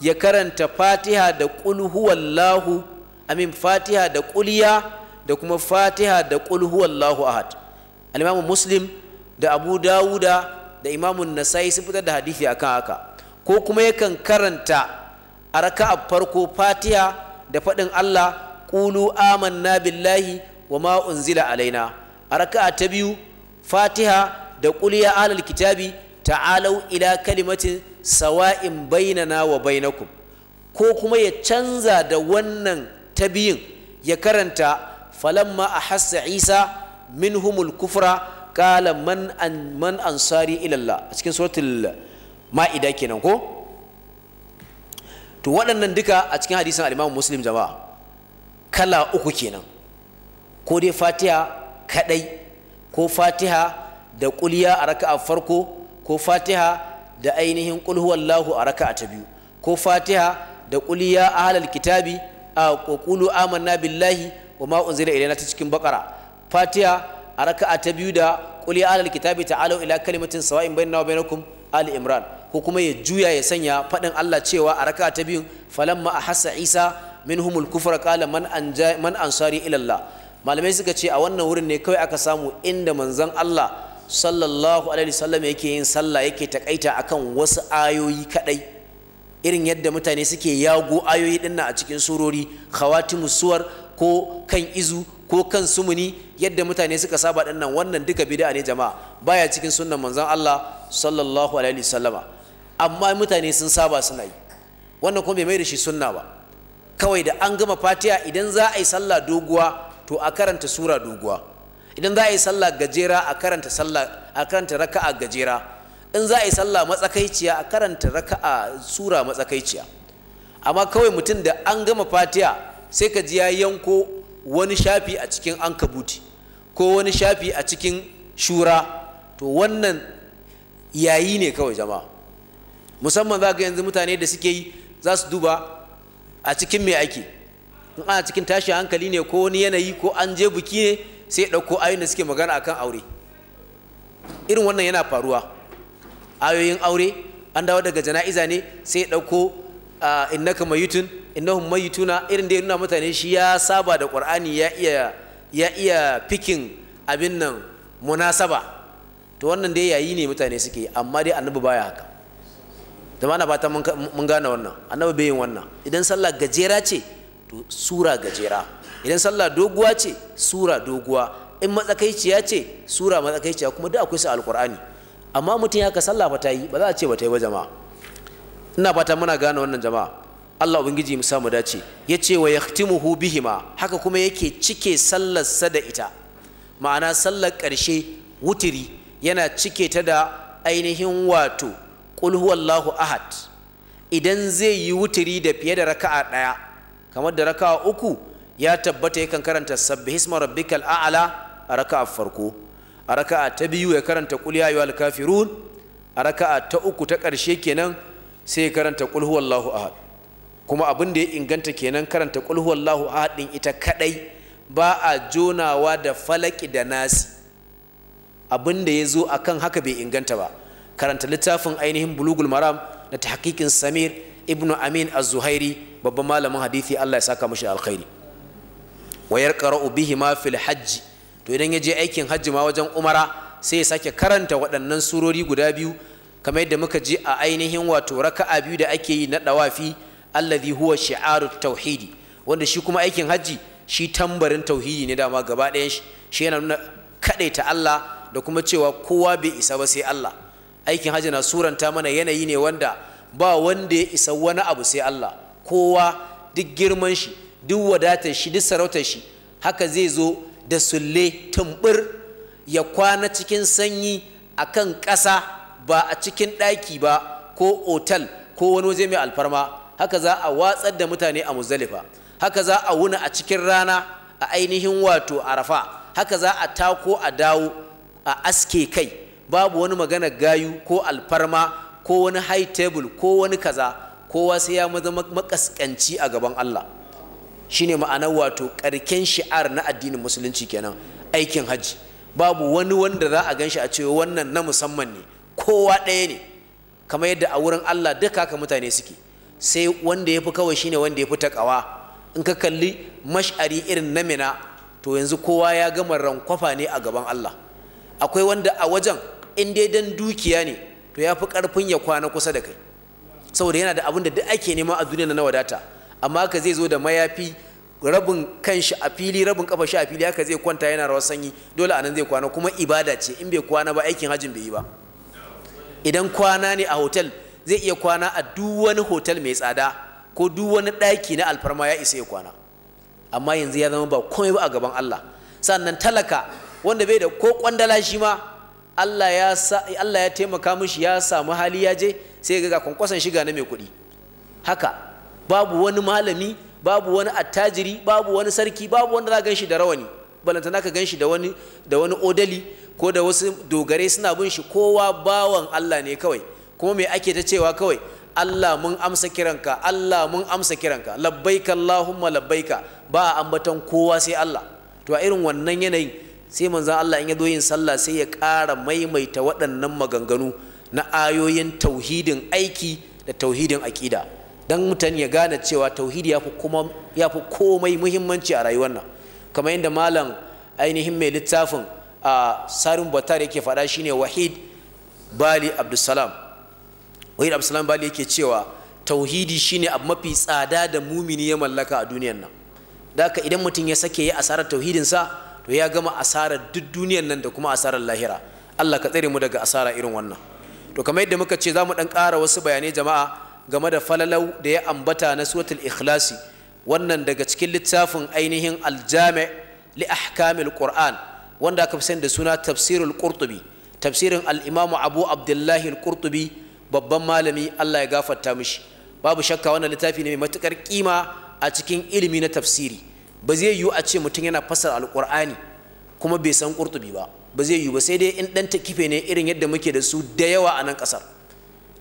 ya karanta fatiha da qul huwallahu amin fatiha da quliya da kuma fatiha da qul huwallahu ahad al imam muslim da abu dawuda da an nasai su fitar da hadisi akan haka ko kuma yakan karanta a raka'a farko fatiha da faɗin allah qulu amanna billahi wa ma unzila alaina a raka'a ta biyu fatiha da qul ya ahlal kitabi ta'alau ila kalimatin sawa'in bainana wa bainakum ko kuma ya canza da wannan ta biyun ya karanta falamma ahassa isa minhumul kufra qala man an man ansari ila a cikin suratul ma'ida kenan ko to waɗannan duka a cikin hadisin al-Imam jama'a kala uku kenan ko dai fatiha kadai ko fatiha da kuliya a raka'a farko ko fatiha da ainihin kul huwallahu a raka'a ta biyu ko fatiha da kulya a halal kitabi a kokulu amanna billahi wa ma unzila ilaina ta cikin bakara fatiha a raka'a ta biyu da kulya a halal kitabi ta'alu ila kalimatin sawa'in bainana wa bainakum ali imran ko kuma ya juya ya sanya faɗin Allah cewa a raka'a ta biyun falamma ahassa isa minhumul humul qala man anja man ansari ila ilalla malamai suka ce a wannan wurin ne kawai aka samu inda manzon Allah sallallahu alaihi wasallam yake yin sallah yake takaita akan wasu ayoyi kadai irin yadda mutane suke yago ayoyi dinnan a cikin surori khawatimus suwar ko kan izu ko kan sumuni yadda mutane suka saba dinnan wannan duka bid'a ne jama'a baya cikin sunnan manzon Allah sallallahu alaihi wasallama amma mutane sun saba suna yi wannan kuma bai mai da shi sunna ba kawai da an gama fatiha idan za a yi sallah doguwa to a karanta sura doguwa idan za a yi sallah gajera a karanta sallah a karanta raka'a gajera in za a yi sallah matsakaiciya a karanta raka'a sura matsakaiciya amma kawai mutum da an gama fatiha sai ka ji ya yanko wani shafi a cikin kabuti ko wani shafi a cikin shura to wannan yayi ne kawai jama'a musamman za ga yanzu mutane da suke yi za su duba a cikin me ake in ana cikin tashin hankali ne ko wani yanayi ko an je buki ne sai ya ɗauko ayoyin da suke magana akan aure irin wannan yana faruwa ayoyin aure an dawo daga jana'iza ne sai ya ɗauko innaka mayutun innahum mayutuna irin da ya nuna mutane shi ya saba da qur'ani ya iya ya iya fikin abin nan munasaba to wannan dai yayi ne mutane suke amma dai annabi baya haka zama na fata mun gane wannan annabi bai yin wannan idan sallah gajera ce to sura gajera idan sallah doguwa ce sura doguwa in matsakaiciya ce sura matsakaiciya kuma duk akwai su alkur'ani amma mutum ya ka sallah ba ta yi ba za a ce ba yi ba jama'a ina fata muna gane wannan jama'a Allah ubangiji mu samu dace ce wa yaktimuhu bihima haka kuma yake cike sallar sa da ita ma'ana sallar ƙarshe wutiri yana cike ta da ainihin wato qul huwallahu ahad idan zai yi wuturi da fiye da raka'a ɗaya kamar da raka'a uku ya tabbata yakan karanta isma rabbikal a'la a raka'a farko a raka'a ta biyu ya karanta qul ya ayyuhal kafirun a raka'a ta uku ta ƙarshe kenan sai ya karanta qul huwallahu ahad kuma abin da ya inganta kenan karanta qul huwallahu ahad din ita kadai ba a jonawa da falaki da nasi abin da ya zo akan haka bai inganta ba karanta littafin ainihin bulugul maram na tahqiqin samir ibnu amin az-zuhairi babban malamin hadisi Allah ya saka mashi alkhairi wa yarqa'u bihi ma fil hajj to idan ya je aikin hajji ma wajen umara sai ya sake karanta waɗannan surori guda biyu kamar yadda muka ji a ainihin wato raka'a biyu da ake yi na dawafi alladhi huwa shi'arut tauhidi wanda shi kuma aikin hajji shi tambarin tauhidi ne dama gaba ɗayan shi shi yana nuna ta Allah da kuma cewa kowa bai isa ba sai Allah aikin hajji na suranta mana yanayi ne wanda ba wanda ya isa wani abu sai Allah kowa duk girman shi duk wadatar shi duk sarautar shi haka zai zo da sulle tumbur ya kwana cikin sanyi a kan ƙasa ba a cikin ɗaki ba ko otal ko wani waje mai alfarma haka za a watsar da mutane a muzalifa haka za a wuna a cikin rana a ainihin wato arafa haka za a tako a dawo a aske kai babu wani magana gayu ko alfarma ko wani high table ko wani kaza kowa sai ya maza makaskanci a gaban Allah shine ma'anar wato karken shi'ar na addinin musulunci kenan aikin hajji babu wani wanda za a ganshi a cewa wannan na musamman ne kowa ɗaya ne kamar yadda a wurin Allah duka haka mutane suke sai wanda ya fi kawai shine wanda ya fi takawa in ka kalli mash'ari irin na mina to yanzu kowa ya gama rankwafa ne a gaban Allah akwai wanda a wajen in dai dan dukiya ne to ya fi ƙarfin ya kwana kusa da kai saboda yana da abin da duk ake nema a duniya na wadata amma ka zai zo da mayafi rabin kanshi a fili rabin kafa shi a fili haka zai kwanta yana rawar sanyi dole anan zai kwana kuma ibada ce in bai kwana ba aikin hajjin bai yi ba idan kwana ne a hotel zai iya kwana a duk wani hotel mai tsada ko duk wani ɗaki na alfarma ya isa ya kwana amma yanzu ya zama ba komai ba a gaban Allah sannan talaka wanda bai da ko kwandala shi ma Allah ya sa Allah ya taimaka mushi ya samu hali ya je sai ga kwankwason shiga na mai kuɗi haka babu wani malami babu wani attajiri babu wani sarki babu wanda za gan shi da rawani balanta ka gan shi da wani da wani odali ko da wasu dogare suna bin shi kowa bawan Allah ne kawai kuma me ake ta cewa kawai Allah mun amsa kiranka Allah mun amsa kiranka labbaika Allahumma labbaika ba ambaton kowa sai Allah to a irin wannan yanayin sai manzon Allah in ya zo yin sallah sai ya ƙara maimaita waɗannan maganganu na ayoyin tauhidin aiki da tauhidin aƙida don mutum ya gane cewa tauhidi ya fi komai muhimmanci a rayuwar nan kamar yadda malam ainihin mai littafin a sarin batar yake faɗa shine wahid bali abdulsalam wahid abdulsalam bali yake cewa tauhidi shine abu mafi tsada da mumini ya mallaka a duniyar nan da haka idan mutum ya sake ya asarar tauhidinsa to ya gama asarar duk duniyar nan da kuma asarar lahira Allah ka tsare mu daga asara irin wannan to kamar yadda muka ce za mu ɗan ƙara wasu bayanai jama'a game da falalau da ya ambata na suratul ikhlasi wannan daga cikin littafin ainihin aljami li ahkamil qur'an wanda aka fi sani da suna tafsirul qurtubi tafsirin al-imamu abu abdullahi al-qurtubi babban malami Allah ya gafarta mishi babu shakka wannan littafi ne mai matukar kima a cikin ilimi na tafsiri ba zai yiwu a ce mutum yana fassara alƙur'ani kuma bai san ƙurtubi ba ba zai yiwu ba sai dai in ɗan kife ne irin yadda muke da su da yawa a nan ƙasar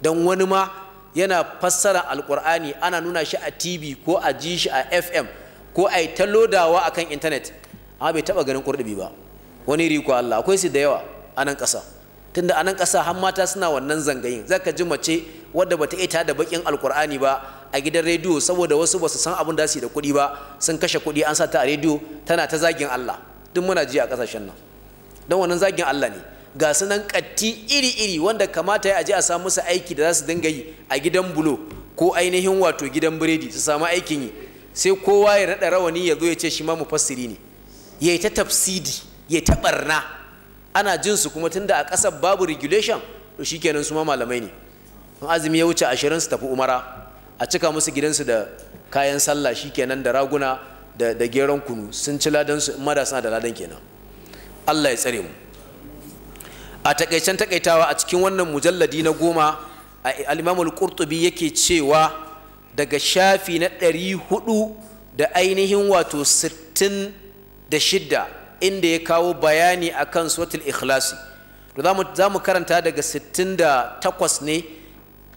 don wani ma yana fassara alƙur'ani ana nuna shi a tv ko a ji shi a fm ko a yi ta a kan intanet amma bai taɓa ganin ƙurtubi ba wani riko allah akwai su da yawa a nan ƙasa tunda a nan ƙasa har mata suna wannan zangayin zaka ji mace wadda bata iya da baƙin alƙur'ani ba a gidan rediyo saboda wasu ba su san abin da su da kuɗi ba sun kashe kuɗi an sa ta a rediyo tana ta zagin Allah duk muna ji a kasashen nan don wannan zagin Allah ne ga su nan ƙatti iri-iri wanda kamata ya aje a samu musu aiki da za su dinga yi a gidan bulo ko ainihin wato gidan biredi su samu aikin yi sai kowa ya naɗa rawani ya zo ya ce shi ma mufassiri ne ya yi ta tafsidi ya ta ɓarna ana jin su kuma tunda a ƙasar babu regulation to shikenan su ma malamai ne in azumi ya wuce ashirin su tafi umara a cika musu gidansu da kayan sallah shi shikenan da raguna da geron kunu sun ci ladan su mada suna da ladan kenan Allah ya tsare mu a takaicen takaitawa a cikin wannan mujalladi na goma a imam al-Qurtubi yake cewa daga shafi na ɗari huɗu da ainihin wato sittin da shidda inda ya kawo bayani akan suratul ikhlasi to za mu karanta daga sittin da takwas ne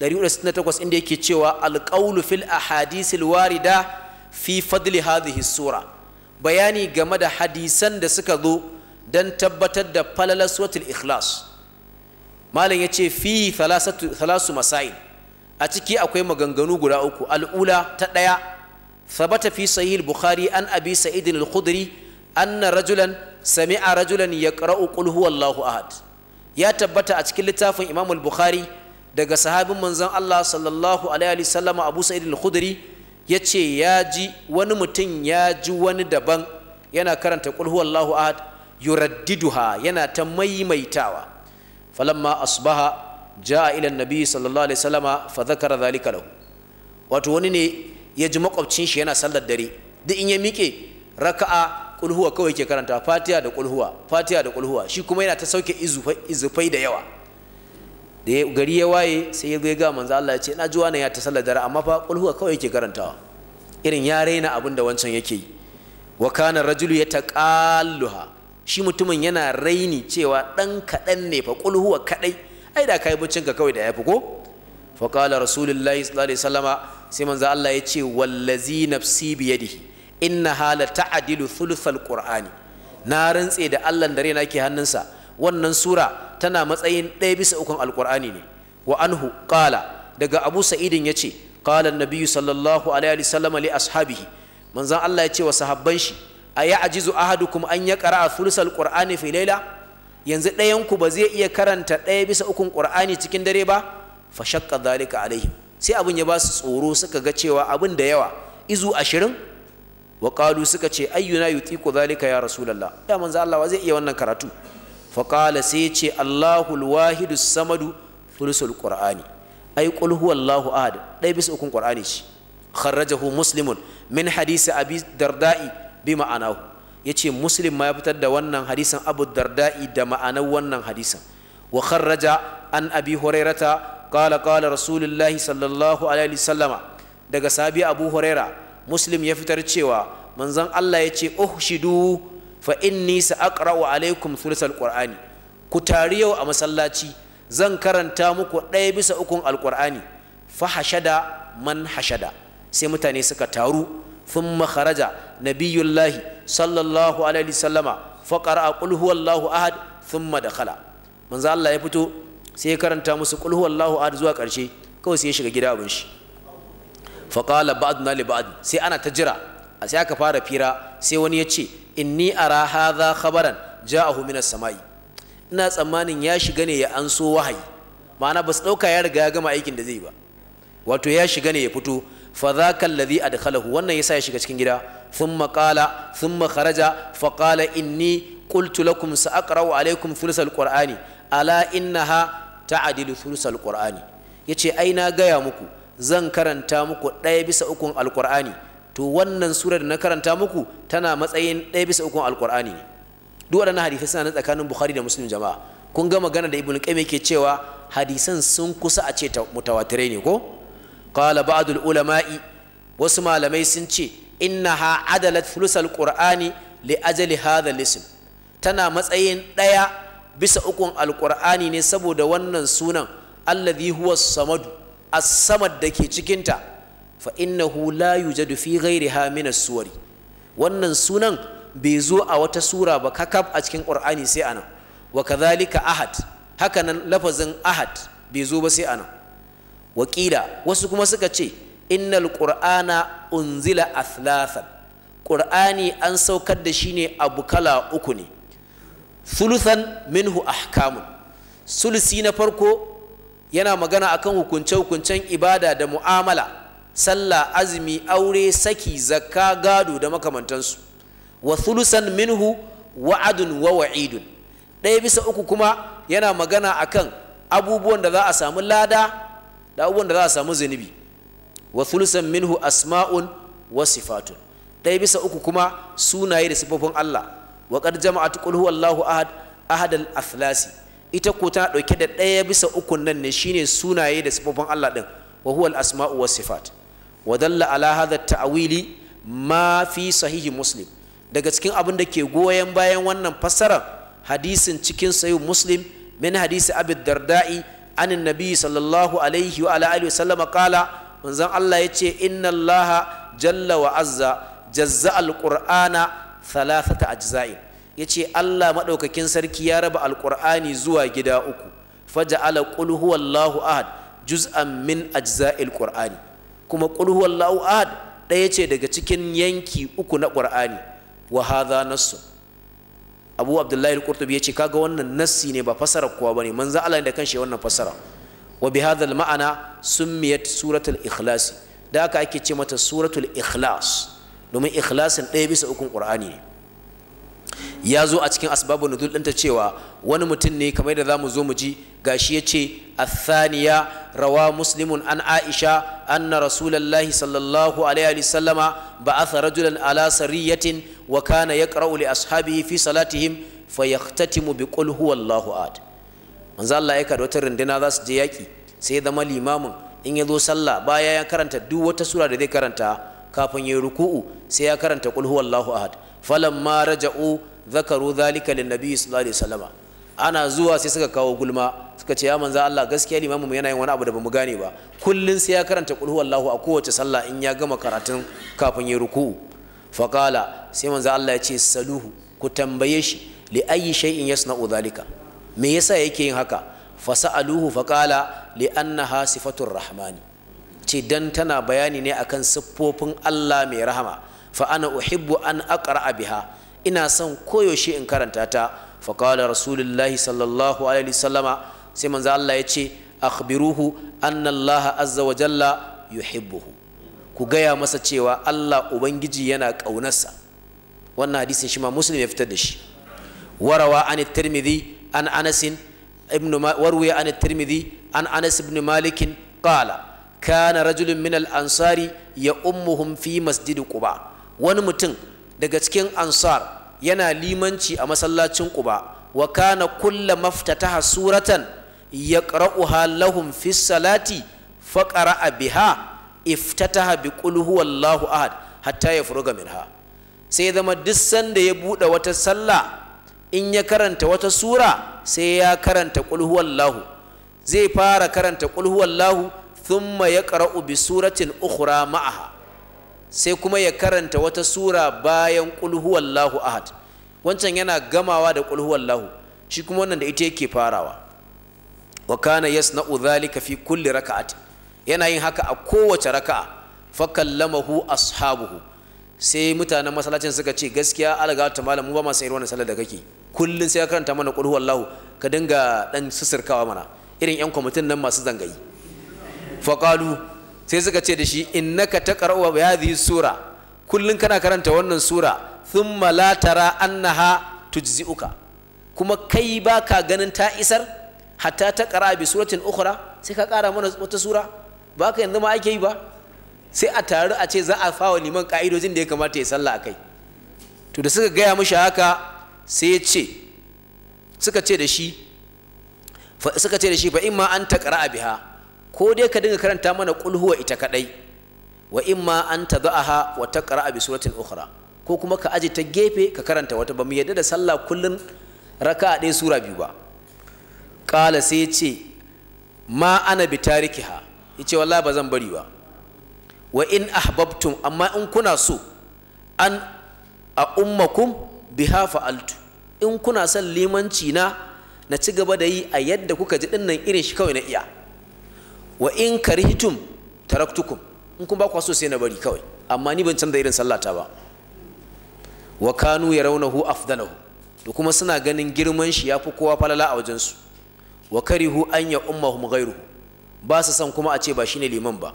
168 inda yake cewa alƙaulu fil ahadisil warida fi fadli hadhihi sura bayani game da hadisan da suka zo don tabbatar da falalar suratul ikhlas malam ya ce fi thalasu masail a ciki akwai maganganu guda uku al'ula ta ɗaya ثبت في صحيح البخاري عن أبي سعيد الخدري rajulan رجلا سمع رجلا يقرأ قل هو الله أحد يا تبت أتكلم تافن إمام البخاري daga sahabin manzon Allah sallallahu alaihi sallam Abu Sa'id al-Khudri yace ya ji wani mutum ya ji wani daban yana karanta qul huwallahu ahad yuraddiduha yana ta maimaitawa falamma asbaha jaa ila nabi sallallahu alaihi sallam fa dhakara dhalika lahu wato wani ne ya ji makwabcin shi yana sallar dare duk in ya mike raka'a qul huwa kawai ke karanta fatiha da qul huwa fatiha da qul huwa shi kuma yana ta sauke izufai da yawa da ya gari ya waye sai ya zo ya ga manzo Allah ya ce na ji wannan ya ta sallar dare amma fa qul kawai yake karantawa irin ya raina abin da wancan yake yi wa kana rajulu yataqalluha shi mutumin yana raini cewa dan kadan ne fa qul huwa kadai ai da kai bucin ka kawai da yafi ko fa qala rasulullahi sallallahu alaihi wasallama sai manzo Allah ya ce wallazi nafsi bi yadihi inna hala ta'dilu thuluthal qur'ani na rantse da Allah da raina ke hannunsa wannan sura tana matsayin ɗaya bisa ukun alƙur'ani ne wa anhu qala daga abu sa'idin ya ce qala annabiyyu sallallahu alaihi sallam li ashabihi manzon Allah ya ce wa sahabban shi aya ajizu ahadukum an ya qara'a thulsal qur'ani fi layla yanzu ɗayan ku ba zai iya karanta ɗaya bisa ukun qur'ani cikin dare ba fa shaqqa dhalika alaihim sai abin ya ba su tsoro suka ga cewa abin da yawa izu ashirin wa suka ce ayyuna yutiku zalika ya rasulullah ya manzo Allah wa zai iya wannan karatu faƙala sai ce allahul wahidu samadu fulusul qur'ani ai qul Allahu ahad ɗaya bisa ukun ƙur'ani shi kharrajahu muslimun min hadisi abi darda'i bi ma'anahu ce muslim ma ya fitar da wannan hadisin abu darda'i da ma'anar wannan hadisin wa kharraja an abi hurairata qala qala rasulullahi sallallahu alaihi wasallama daga sabi abu huraira muslim ya fitar cewa manzon Allah ya ce uhshidu fa inni sa'aqra'u alaikum thulutsal qur'ani ku tari yau a masallaci zan karanta muku ɗaya bisa ukun alqur'ani fa hashada man hashada sai mutane suka taru thumma kharaja nabiyullahi sallallahu alaihi wasallama fa qara'a qul huwallahu ahad thumma dakhala manzo Allah ya fito sai ya karanta musu qul huwallahu ahad zuwa ƙarshe kawai sai ya shiga gida abin shi fa qala ba'dna li ba'd sai ana ta jira a sai aka fara fira sai wani ya ce inni ara hadha khabaran ja'ahu minas sama'i ina tsammanin ya shiga ne ya anso wahayi ma'ana ba su ɗauka ya riga ya gama aikin da zai ba wato ya shiga ne ya fito fa dhaka alladhi adkhalahu wannan yasa ya shiga cikin gida thumma qala thumma kharaja fa qala inni qultu lakum sa'aqra'u alaykum thulthal qur'ani ala innaha ta'dilu thulthal qur'ani yace ai na gaya muku zan karanta muku ɗaya bisa ukun alqur'ani to wannan sura da na karanta muku tana matsayin ɗaya bisa ukun alkur'ani ne duk waɗannan hadisai suna nan tsakanin bukhari da muslim jama'a kun ga magana da ibnu qayyim ke cewa hadisan sun kusa a ce mutawatirai ne ko qala ba'dul ulama'i wasu malamai sun ce innaha adalat fulusal qur'ani li ajali hadha lism tana matsayin ɗaya bisa ukun alkur'ani ne saboda wannan sunan alladhi huwa samadu as-samad dake cikinta fa innahu la yujadu fi ghairiha min as-suwari wannan sunan bai zo a wata sura ba kakab a cikin qur'ani sai anan wa kadhalika ahad haka nan lafazin ahad bai zo ba sai anan wakila wasu kuma suka ce innal qur'ana unzila athlathan qur'ani an saukar da shi ne abu kala uku ne thuluthan minhu ahkamun sulusi na farko yana magana akan hukunce-hukuncen ibada da mu'amala sallah azumi aure saki zakka gado da makamantansu wa thulusan minhu wa'adun wa wa'idun ɗaya bisa uku kuma yana magana akan abubuwan da za a samu lada da abubuwan da za a samu zunubi wa thulusan minhu asma'un wa sifatun ɗaya bisa uku kuma sunaye da sifofin Allah wa qad jama'at qul huwallahu ahad ahad al-aflasi ita ko tana ɗauke da ɗaya bisa uku nan ne shine sunaye da sifofin Allah din wa huwa al-asma'u was sifat wa ala hadha ta'wili ma fi sahihi muslim daga cikin abin da ke goyen bayan wannan fassarar hadisin cikin sayu muslim min hadisi abi darda'i an annabi sallallahu alaihi wa alihi wa sallama qala manzon Allah yace inna Allah jalla wa azza jazza alqur'ana thalathata ajza'in yace Allah madaukakin sarki ya raba alqur'ani zuwa gida uku faja'ala qul huwallahu ahad juz'an min ajza'il qur'ani kuma qul huwallahu ahad ɗaya ce daga cikin yanki uku na qur'ani wa hadha nassu abu abdullahi al-qurtubi yace kaga wannan nassi ne ba fasara kowa bane manzo Allah da kanshi wannan fasara wa bi hadha al-ma'ana summiyat suratul ikhlas da haka ake ce mata suratul ikhlas domin ikhlasin ɗaya bisa ukun qur'ani ne ya zo a cikin asbabun nuzul ɗinta cewa wani mutum ne kamar da mu zo mu ji gashi yace athaniya rawa muslimun an aisha anna rasulullahi sallallahu alaihi wa sallama ba'atha rajulan ala sariyatin wa kana yaqra'u li ashabihi fi salatihim fayahtatimu bi qul huwallahu ahad manzo Allah ya kada wata runduna za su je yaƙi sai ya zama limamin in ya zo sallah baya ya karanta duk wata sura da zai karanta kafin ya ruku'u sai ya karanta qul huwallahu ahad falamma raja'u zakaru dhalika lin nabi sallallahu alaihi wasallama ana zuwa sai suka kawo gulma suka ce ya manzo Allah gaskiya limamin yana yin wani abu da bamu gane ba kullun sai ya karanta qul huwallahu a kowace sallah in ya gama karatun kafin ya ruku faqala sai manzo Allah ya ce saluhu ku tambaye shi li ayi shay'in yasna'u dhalika me yasa yake yin haka fasa'aluhu faqala li annaha sifatur rahmani ce dan tana bayani ne akan siffofin Allah mai rahama fa ana uhibbu an aqra biha ina son koyaushe in karanta ta fa qala rasulullahi sallallahu alaihi sallama sai manzo Allah ya ce akhbiruhu annallaha Allah azza wa jalla yuhibbuhu ku gaya masa cewa Allah ubangiji yana ƙaunarsa wannan hadisin shi ma muslim ya fitar da shi warawa an tirmidhi an anas ibn warwiya an tirmidhi an anas ibn malik qala kana rajulun min al ansari ya ummuhum fi masjid quba wani mutum daga cikin ansar yana limanci a masallacin quba wa kana kulla maftataha suratan yaqra'uha lahum fi salati faqara'a biha iftataha bi qul huwallahu ahad hatta yafruga minha sai zama duk sanda ya bude wata sallah in ya karanta wata sura sai ya karanta qul huwallahu zai fara karanta qul huwallahu thumma yaqra'u bi suratin ukhra ma'aha sai kuma ya karanta wata sura bayan ƙulhuwallahu ahad wancan yana gamawa da ƙulhuwallahu shi kuma wannan da ita yake farawa wa kana yasna'u dhalika fi kulli raka'at yana yin haka a kowace raka'a fa kallamahu ashabuhu sai mutanen masallacin suka ce gaskiya alaga ta malam mu ba mu san wannan da kake kullun sai ka karanta mana ƙulhuwallahu ka dinga dan susurkawa mana irin yan kwamitin nan masu zangayi fa sai suka ce da shi innaka taqra'u bi hadhihi sura kullum kana karanta wannan sura thumma la tara annaha tujzi'uka kuma kai baka ganin ta isar hatta a bi suratin ukhra sai ka kara mana wata sura ba ka yanzu ma ake yi ba sai a taru a ce za a fawa liman ka'idojin da ya kamata ya sallah akai to da suka gaya mishi haka sai ya ce suka ce da shi fa imma an a biha ko dai ka dinga karanta mana qul ita kadai wa imma an tad'aha wa taqra'a bi suratin ukhra ko kuma ka aje ta gefe ka karanta wata ba mu yadda da sallah kullun raka'a ɗaya sura biyu ba qala sai ce ma ana bi tarikiha yace wallahi ba zan bari ba wa in ahbabtum amma in kuna so an a ummakum biha fa'altu in kuna son limanci na na ci gaba da yi a yadda kuka ji dinnan irin shi kawai na iya wa in karihitum taraktukum in kun ba ku so sai na bari kawai amma ni ban canza irin sallata ba wa kanu yarawnahu afdalahu to kuma suna ganin girman shi yafi kowa falala a wajen su wa karihu an ya ummahum ghairuhu ba su san kuma a ce ba shine liman ba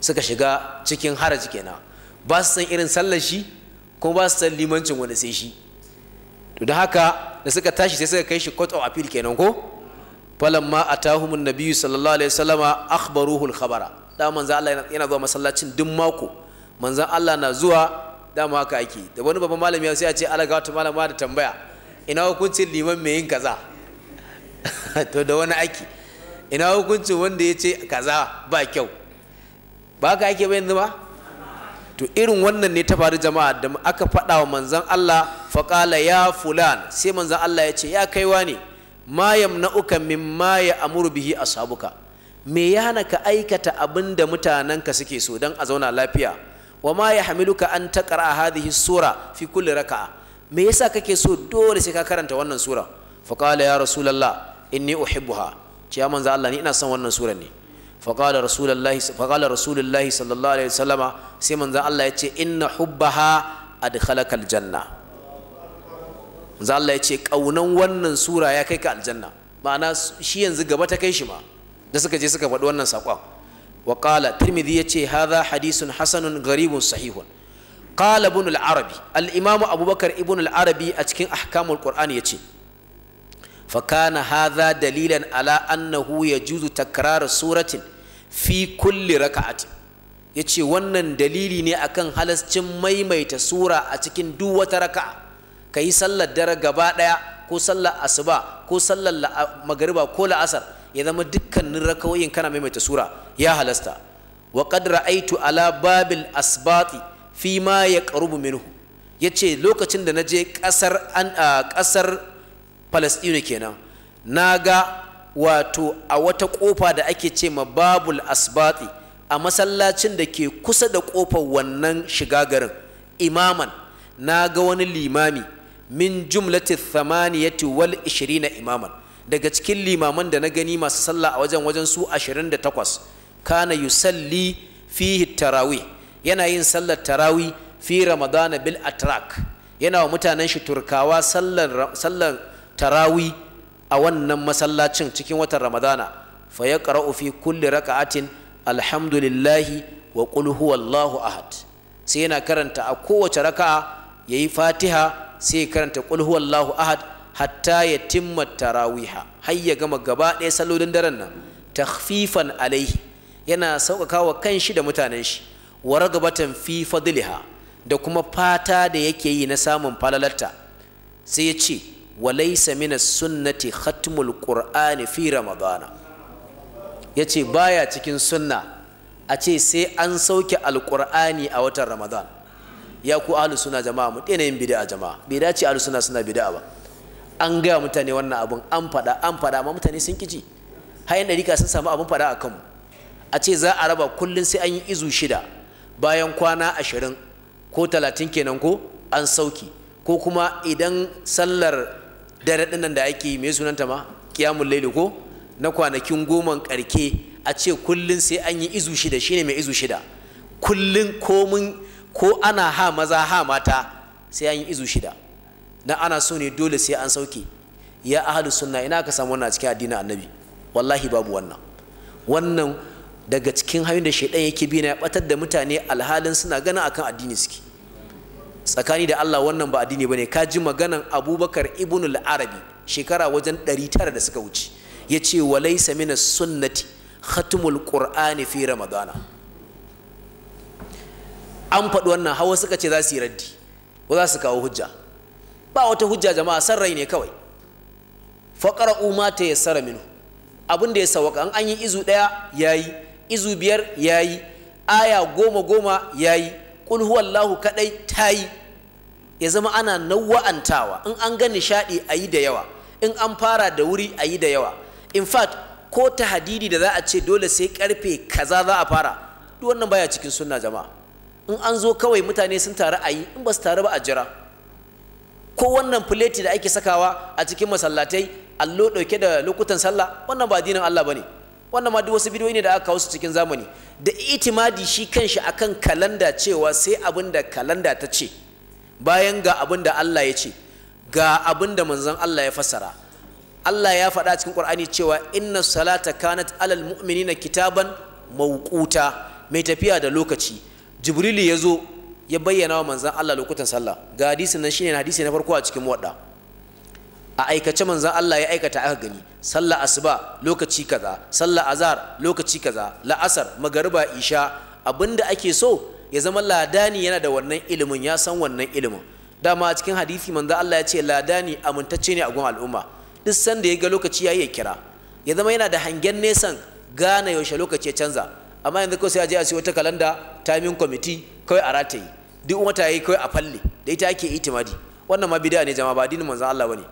suka shiga cikin haraji kenan ba su san irin sallar shi kuma ba su san limancin wani sai shi to da haka da suka tashi sai suka kai shi court of appeal kenan ko falamma atahumun biyu sallallahu alaihi wasallama akhbaruhul al-khabara da manzo Allah yana zuwa masallacin duk mako manzo Allah na zuwa dama haka ake da wani babban malami ya sai a ce alaga wata malama da tambaya ina hukuncin liman mai yin kaza to da wani ake ina hukuncin wanda ya ce kaza ba kyau ba ka ake bayan zama to irin wannan ne ta faru jama'a da aka faɗa wa manzon Allah faƙala ya fulan sai manzon Allah ya ce ya kaiwa ne ma yamna'uka mimma ya amuru bihi ashabuka me ya hana ka aikata abin da mutanenka suke so dan a zauna lafiya wa ma ya hamiluka an taqra hadhihi sura fi kulli raka'a me yasa kake so dole sai ka karanta wannan sura fa qala ya rasulullah inni uhibbuha ce ya manzo Allah ni ina son wannan sura ne fa qala rasulullahi fa qala rasulullahi sallallahu alaihi wasallama sai manzo Allah ya ce inna hubbaha adkhalaka aljanna manzo Allah ya ce kaunan wannan sura ya kai ka aljanna ma'ana shi yanzu gaba ta kai shi ma da suka je suka faɗi wannan saƙon wa qala tirmidhi yace hadha hadisun hasanun gharibun sahihun qala ibn al-arabi al-imam abubakar ibn al-arabi a cikin ahkamul qur'an yace fa kana hadha dalilan ala annahu yajuzu takrar suratin fi kulli raka'atin yace wannan dalili ne akan halascin maimaita sura a cikin duk wata raka'a ka yi sallar dare gaba ɗaya ko sallar asuba ko sallar magariba ko la'asar ya zama dukkanin rakawoyin kana maimaita sura ya halasta wa qad ra'aytu ala babil asbati fi ma yaqrubu minhu yace lokacin da naje kasar an kasar Palestine kenan naga wato a wata kofa da ake ce ma babul asbati a masallacin da ke kusa da kofar wannan shiga garin imaman naga wani limami min jumlati thamaniyati wal ishirina imaman daga cikin limaman da na gani masu sallah a wajen wajen su 28 kana yusalli fihi tarawi yana yin sallar tarawi fi ramadana bil atrak yana wa mutanen shi turkawa sallar sallar tarawi a wannan masallacin cikin watan ramadana fa yaqra'u fi kulli raka'atin alhamdulillahi wa qul huwallahu ahad sai yana karanta a kowace raka'a yayi fatiha sai karanta qul huwallahu ahad hatta yatimma tarawiha har ya gama gaba ɗaya sallolin daren nan takhfifan alaihi yana kan shi da mutanen shi wa ragabatan fi fadliha da kuma fata da yake yi na samun falalarta sai ya ce wa laysa min sunnati khatmul qur'ani fi ramadana yace baya cikin sunna a ce sai an sauke alqur'ani a watan ramadan ya ku ahlu suna jama'a mu daina yin bid'a jama'a bai dace ahlu suna suna bid'a ba an gaya mutane wannan abun an faɗa an faɗa amma mutane sun kiji hayan ɗarika sun samu abun faɗa a kanmu a ce za a raba kullum sai an yi izu shida bayan kwana ashirin ko talatin kenan ko an sauki ko kuma idan sallar dare ɗinnan da ake yi mai sunanta ma kiyamun laili ko na kwanakin goma ƙarke a ce kullum sai an yi izu shida shine mai izu shida kullum komin ko ana ha maza ha mata sai an yi izu shida na ana so ne dole sai an sauke ya ahalu sunna ina ka samu wannan a cikin addinin annabi wallahi babu wannan wannan daga cikin hanyoyin da shaidan yake bi na ya batar da mutane alhalin suna ganin akan addini suke tsakani da Allah wannan ba addini bane ka ji maganan Abubakar ibn al-Arabi shekara wajen 900 da suka wuce yace walaysa min sunnati khatmul qur'ani fi ramadana an faɗi wannan hawa suka ce za su yi raddi ko za su kawo hujja ba wata hujja jama'a san rai ne kawai faƙara umma ta yassara minu abin da ya sawaka an an yi izu ɗaya ya yi izu biyar ya yi aya goma goma ya yi ƙul huwallahu kaɗai ta yi ya zama ana nawa'antawa in an ga nishaɗi a yi da yawa in an fara da wuri a yi da yawa in fact ko ta hadidi da za a ce dole sai karfe kaza za a fara duk wannan baya cikin sunna jama'a in an zo kawai mutane sun taru a yi in ba su taru ba a jira ko wannan fileti da ake sakawa a cikin masallatai allo ɗauke da lokutan sallah wannan ba dinin Allah ba ne wannan ma duk wasu bidiyoyi ne da aka kawo su cikin zamani da itimadi shi kanshi akan kalanda cewa sai abin kalanda ta ce bayan ga abin da Allah ya ce ga abin da manzon Allah ya fassara Allah ya faɗa cikin Qur'ani cewa inna salata kanat alal mu'minina kitaban mawquta mai tafiya da lokaci jibrilu ya zo ya bayyana wa manzan Allah lokutan sallah ga hadisin nan shine hadisi na farko a cikin wadda a aikace manzan Allah ya aikata aka gani sallah asuba lokaci kaza sallah Azar lokaci kaza la'asar magariba isha abinda ake so ya zama ladani yana da wannan ilimin ya san wannan ilimin dama a cikin hadisi manzan Allah ya ce ladani amintacce ne a gun al'umma duk sanda ya ga lokaci yayi ya kira ya zama yana da hangen nesan gane yaushe lokaci ya canza amma yanzu kawai sai a je a siyo ta kalanda timing committee kawai a rataye duk wata yi kawai a falle da ita ake itimadi wannan ma bid'a ne jama'a ba addinin manzon Allah bane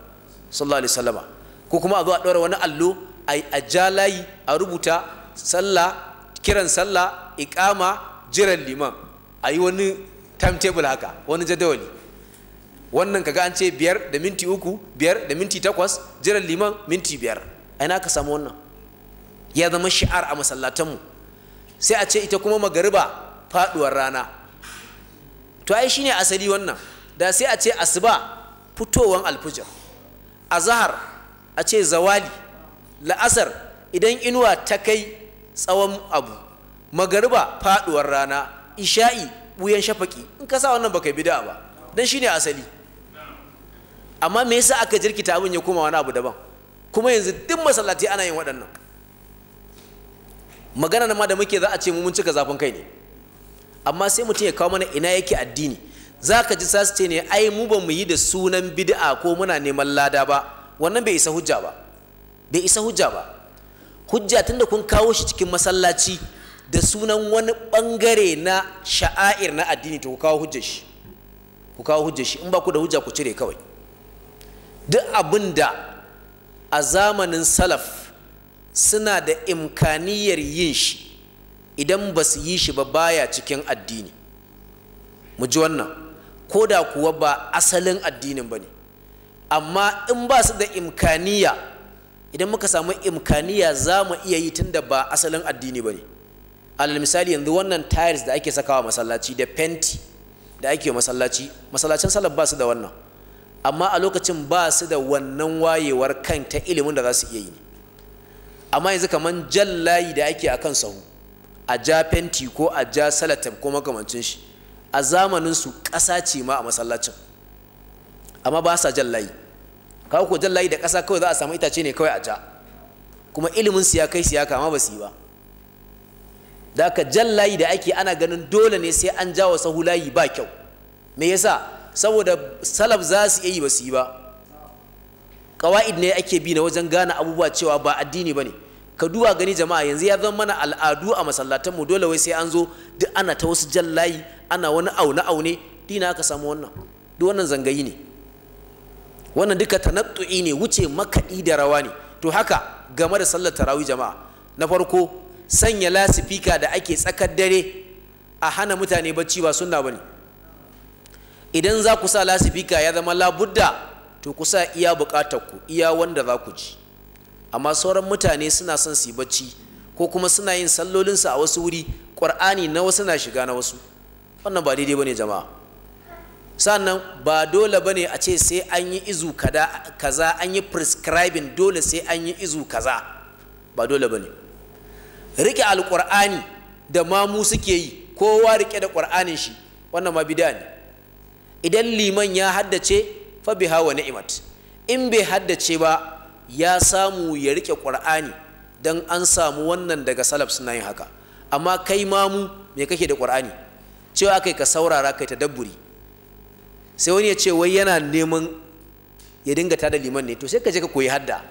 sallallahu alaihi wasallama ko kuma a zo a ɗora wani allo a ja layi a rubuta sallah kiran sallah iqama jiran liman a yi wani timetable haka wani jadawali wannan kaga an ce biyar da minti uku biyar da minti takwas jiran liman minti biyar a ina ka samu wannan ya zama shi'ar a masallatanmu sai a ce ita kuma magariba faduwar rana to ai shine asali wannan da sai a ce asuba fitowan alfijir azhar a ce zawali la'asar idan inuwa ta kai tsawon abu magariba faduwar rana isha'i buyan shafaki in ka sa wannan baka bid'a ba dan shine asali amma me yasa aka jirkita abin ya koma wani abu daban kuma yanzu duk masallaci ana yin waɗannan magana ma da muke za a ce mu mun cika zafin kai ne amma sai mutum ya kawo mana ina yake addini za ka ji sasu ce ne ai mu ba mu yi da sunan bid'a ko muna neman lada ba wannan bai isa hujja ba bai isa hujja ba hujja tun da kun kawo shi cikin masallaci da sunan wani bangare na sha'air na addini to ku kawo hujjar shi shi in ba ku da hujja ku cire kawai duk abin da a zamanin salaf suna da imkaniyar yin shi idan ba su yi shi ba baya cikin addini mu ji wannan ko da kuwa ba asalin addinin ba ne amma in ba su da imkaniya idan muka samu imkaniya za mu iya yi tun da ba asalin addini ba ne alal misali yanzu wannan tires da ake sakawa masallaci da fenti da ake masallaci masallacin salaf ba su da wannan amma a lokacin ba su da wannan wayewar kan ta ilimin da za su iya yi amma yanzu kamar jan layi da ake a kan sahu a ja fenti ko a ja salatab ko makamancin shi a zamanin su ƙasa ce ma a masallacin amma ba sa jan layi kawo ko jan layi da ƙasa kawai za a samu itace ne kawai a ja kuma ilimin su ya kai su ya kama ba su yi ba da ka jan layi da ake ana ganin dole ne sai an jawo sahu layi ba kyau me yasa saboda salaf za su iya yi ba su yi ba ƙawa'id ne ake bi na wajen gane abubuwa cewa ba addini ba ne ka duwa gani jama'a yanzu ya zama mana al'adu a masallatan mu dole wai sai an zo duk ana ta wasu jallayi ana wani aune aune dina aka samu wannan duk wannan zangayi ne wannan duka tanattu'i ne wuce makaɗi da rawa ne to haka game da sallar tarawih jama'a na farko sanya lasifika da ake tsakar dare a hana mutane bacci ba sunna bane idan za ku sa lasifika ya zama labudda to ku sa iya buƙatar ku iya wanda za ku ji amma sauran mutane suna son su yi bacci ko kuma suna yin sallolinsu a wasu wuri ƙur'ani na wasu na shiga na wasu wannan ba daidai ba ne jama'a sannan ba dole ba ne a ce sai an yi izu kaza an yi prescribing dole sai an yi izu kaza ba dole ba ne rike alƙur'ani da mamu suke yi kowa rike da ƙur'anin shi wannan ma bid'a ne idan liman ya haddace fa biha wa ni'mat in bai haddace ba ya samu ya rike ƙur'ani don an samu wannan daga salaf suna yin haka amma kai mamu me kake da ƙur'ani cewa yi ka saurara kai dabburi sai wani ya ce wai yana neman ya dinga tada liman ne to sai ka je ka koyi hadda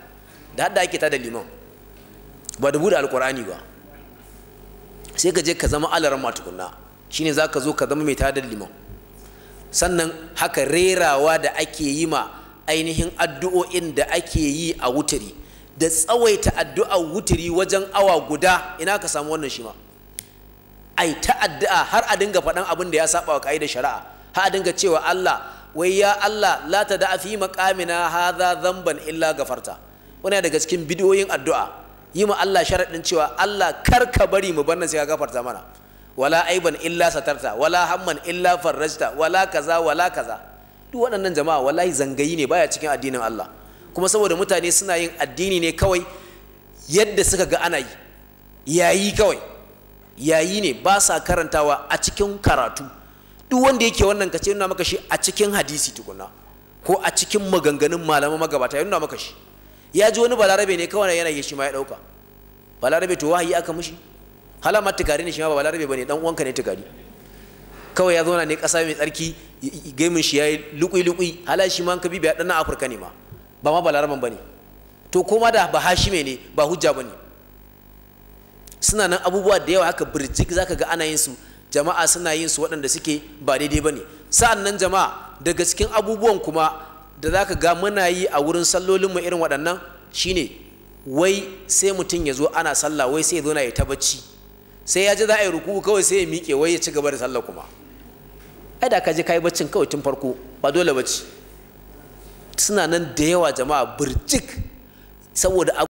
da hadda ake tada liman ba da buɗe alƙur'ani ba sai ka je ka zama alarma matukunna shine za ka zo ka zama mai tada liman sannan haka rerawa da ake yi ma ainihin addu'o'in da ake yi a wuturi da tsawaita addu'ar wuturi wajen awa guda ina ka samu wannan shi ma ai ta addu'a har a dinga faɗan abin da ya saba wa ka'idar shari'a har a dinga cewa Allah wai ya Allah la ta da fi maqamina hadha dhanban illa gafarta wani daga cikin bidiyoyin addu'a yi ma Allah sharaɗin cewa Allah kar ka bari mu bannan sai ka gafarta mana wala aiban illa satarta wala hamman illa farrajta wala kaza wala kaza duk waɗannan jama'a wallahi zangayi ne baya cikin addinin Allah kuma saboda mutane suna yin addini ne kawai yadda suka ga ana yi yayi kawai yayi ne ba sa karantawa a cikin karatu duk wanda yake wannan kace nuna maka shi a cikin hadisi tukuna ko a cikin maganganun malaman magabata ya nuna maka shi ya ji wani balarabe ne kawai yana yi shi ma ya ɗauka balarabe to wahayi aka mushi hala tukari ne shi ma ba balarabe ba ne ɗan uwanka ne tukari kawai ya zauna ne ƙasa mai tsarki gemin shi ya yi lukui-lukui hala shi ma kabi biya ɗana afirka ne ma ba ma balaraban ba ne to koma da ba hashime ne ba hujja ba ne suna nan abubuwa da yawa haka birjik ka ga ana yin su jama'a suna yin su waɗanda suke ba daidai ba ne sa'an nan jama'a daga cikin abubuwan kuma da za ka ga muna yi a wurin sallolinmu irin waɗannan shine wai sai mutum ya zo ana sallah wai sai ya zo na ya ta bacci sai ya ji za a yi ruku kawai sai ya miƙe wai ya ci gaba da sallah kuma ai da ka je ka yi baccin kawai tun farko ba dole bacci suna nan da yawa jama'a birjik saboda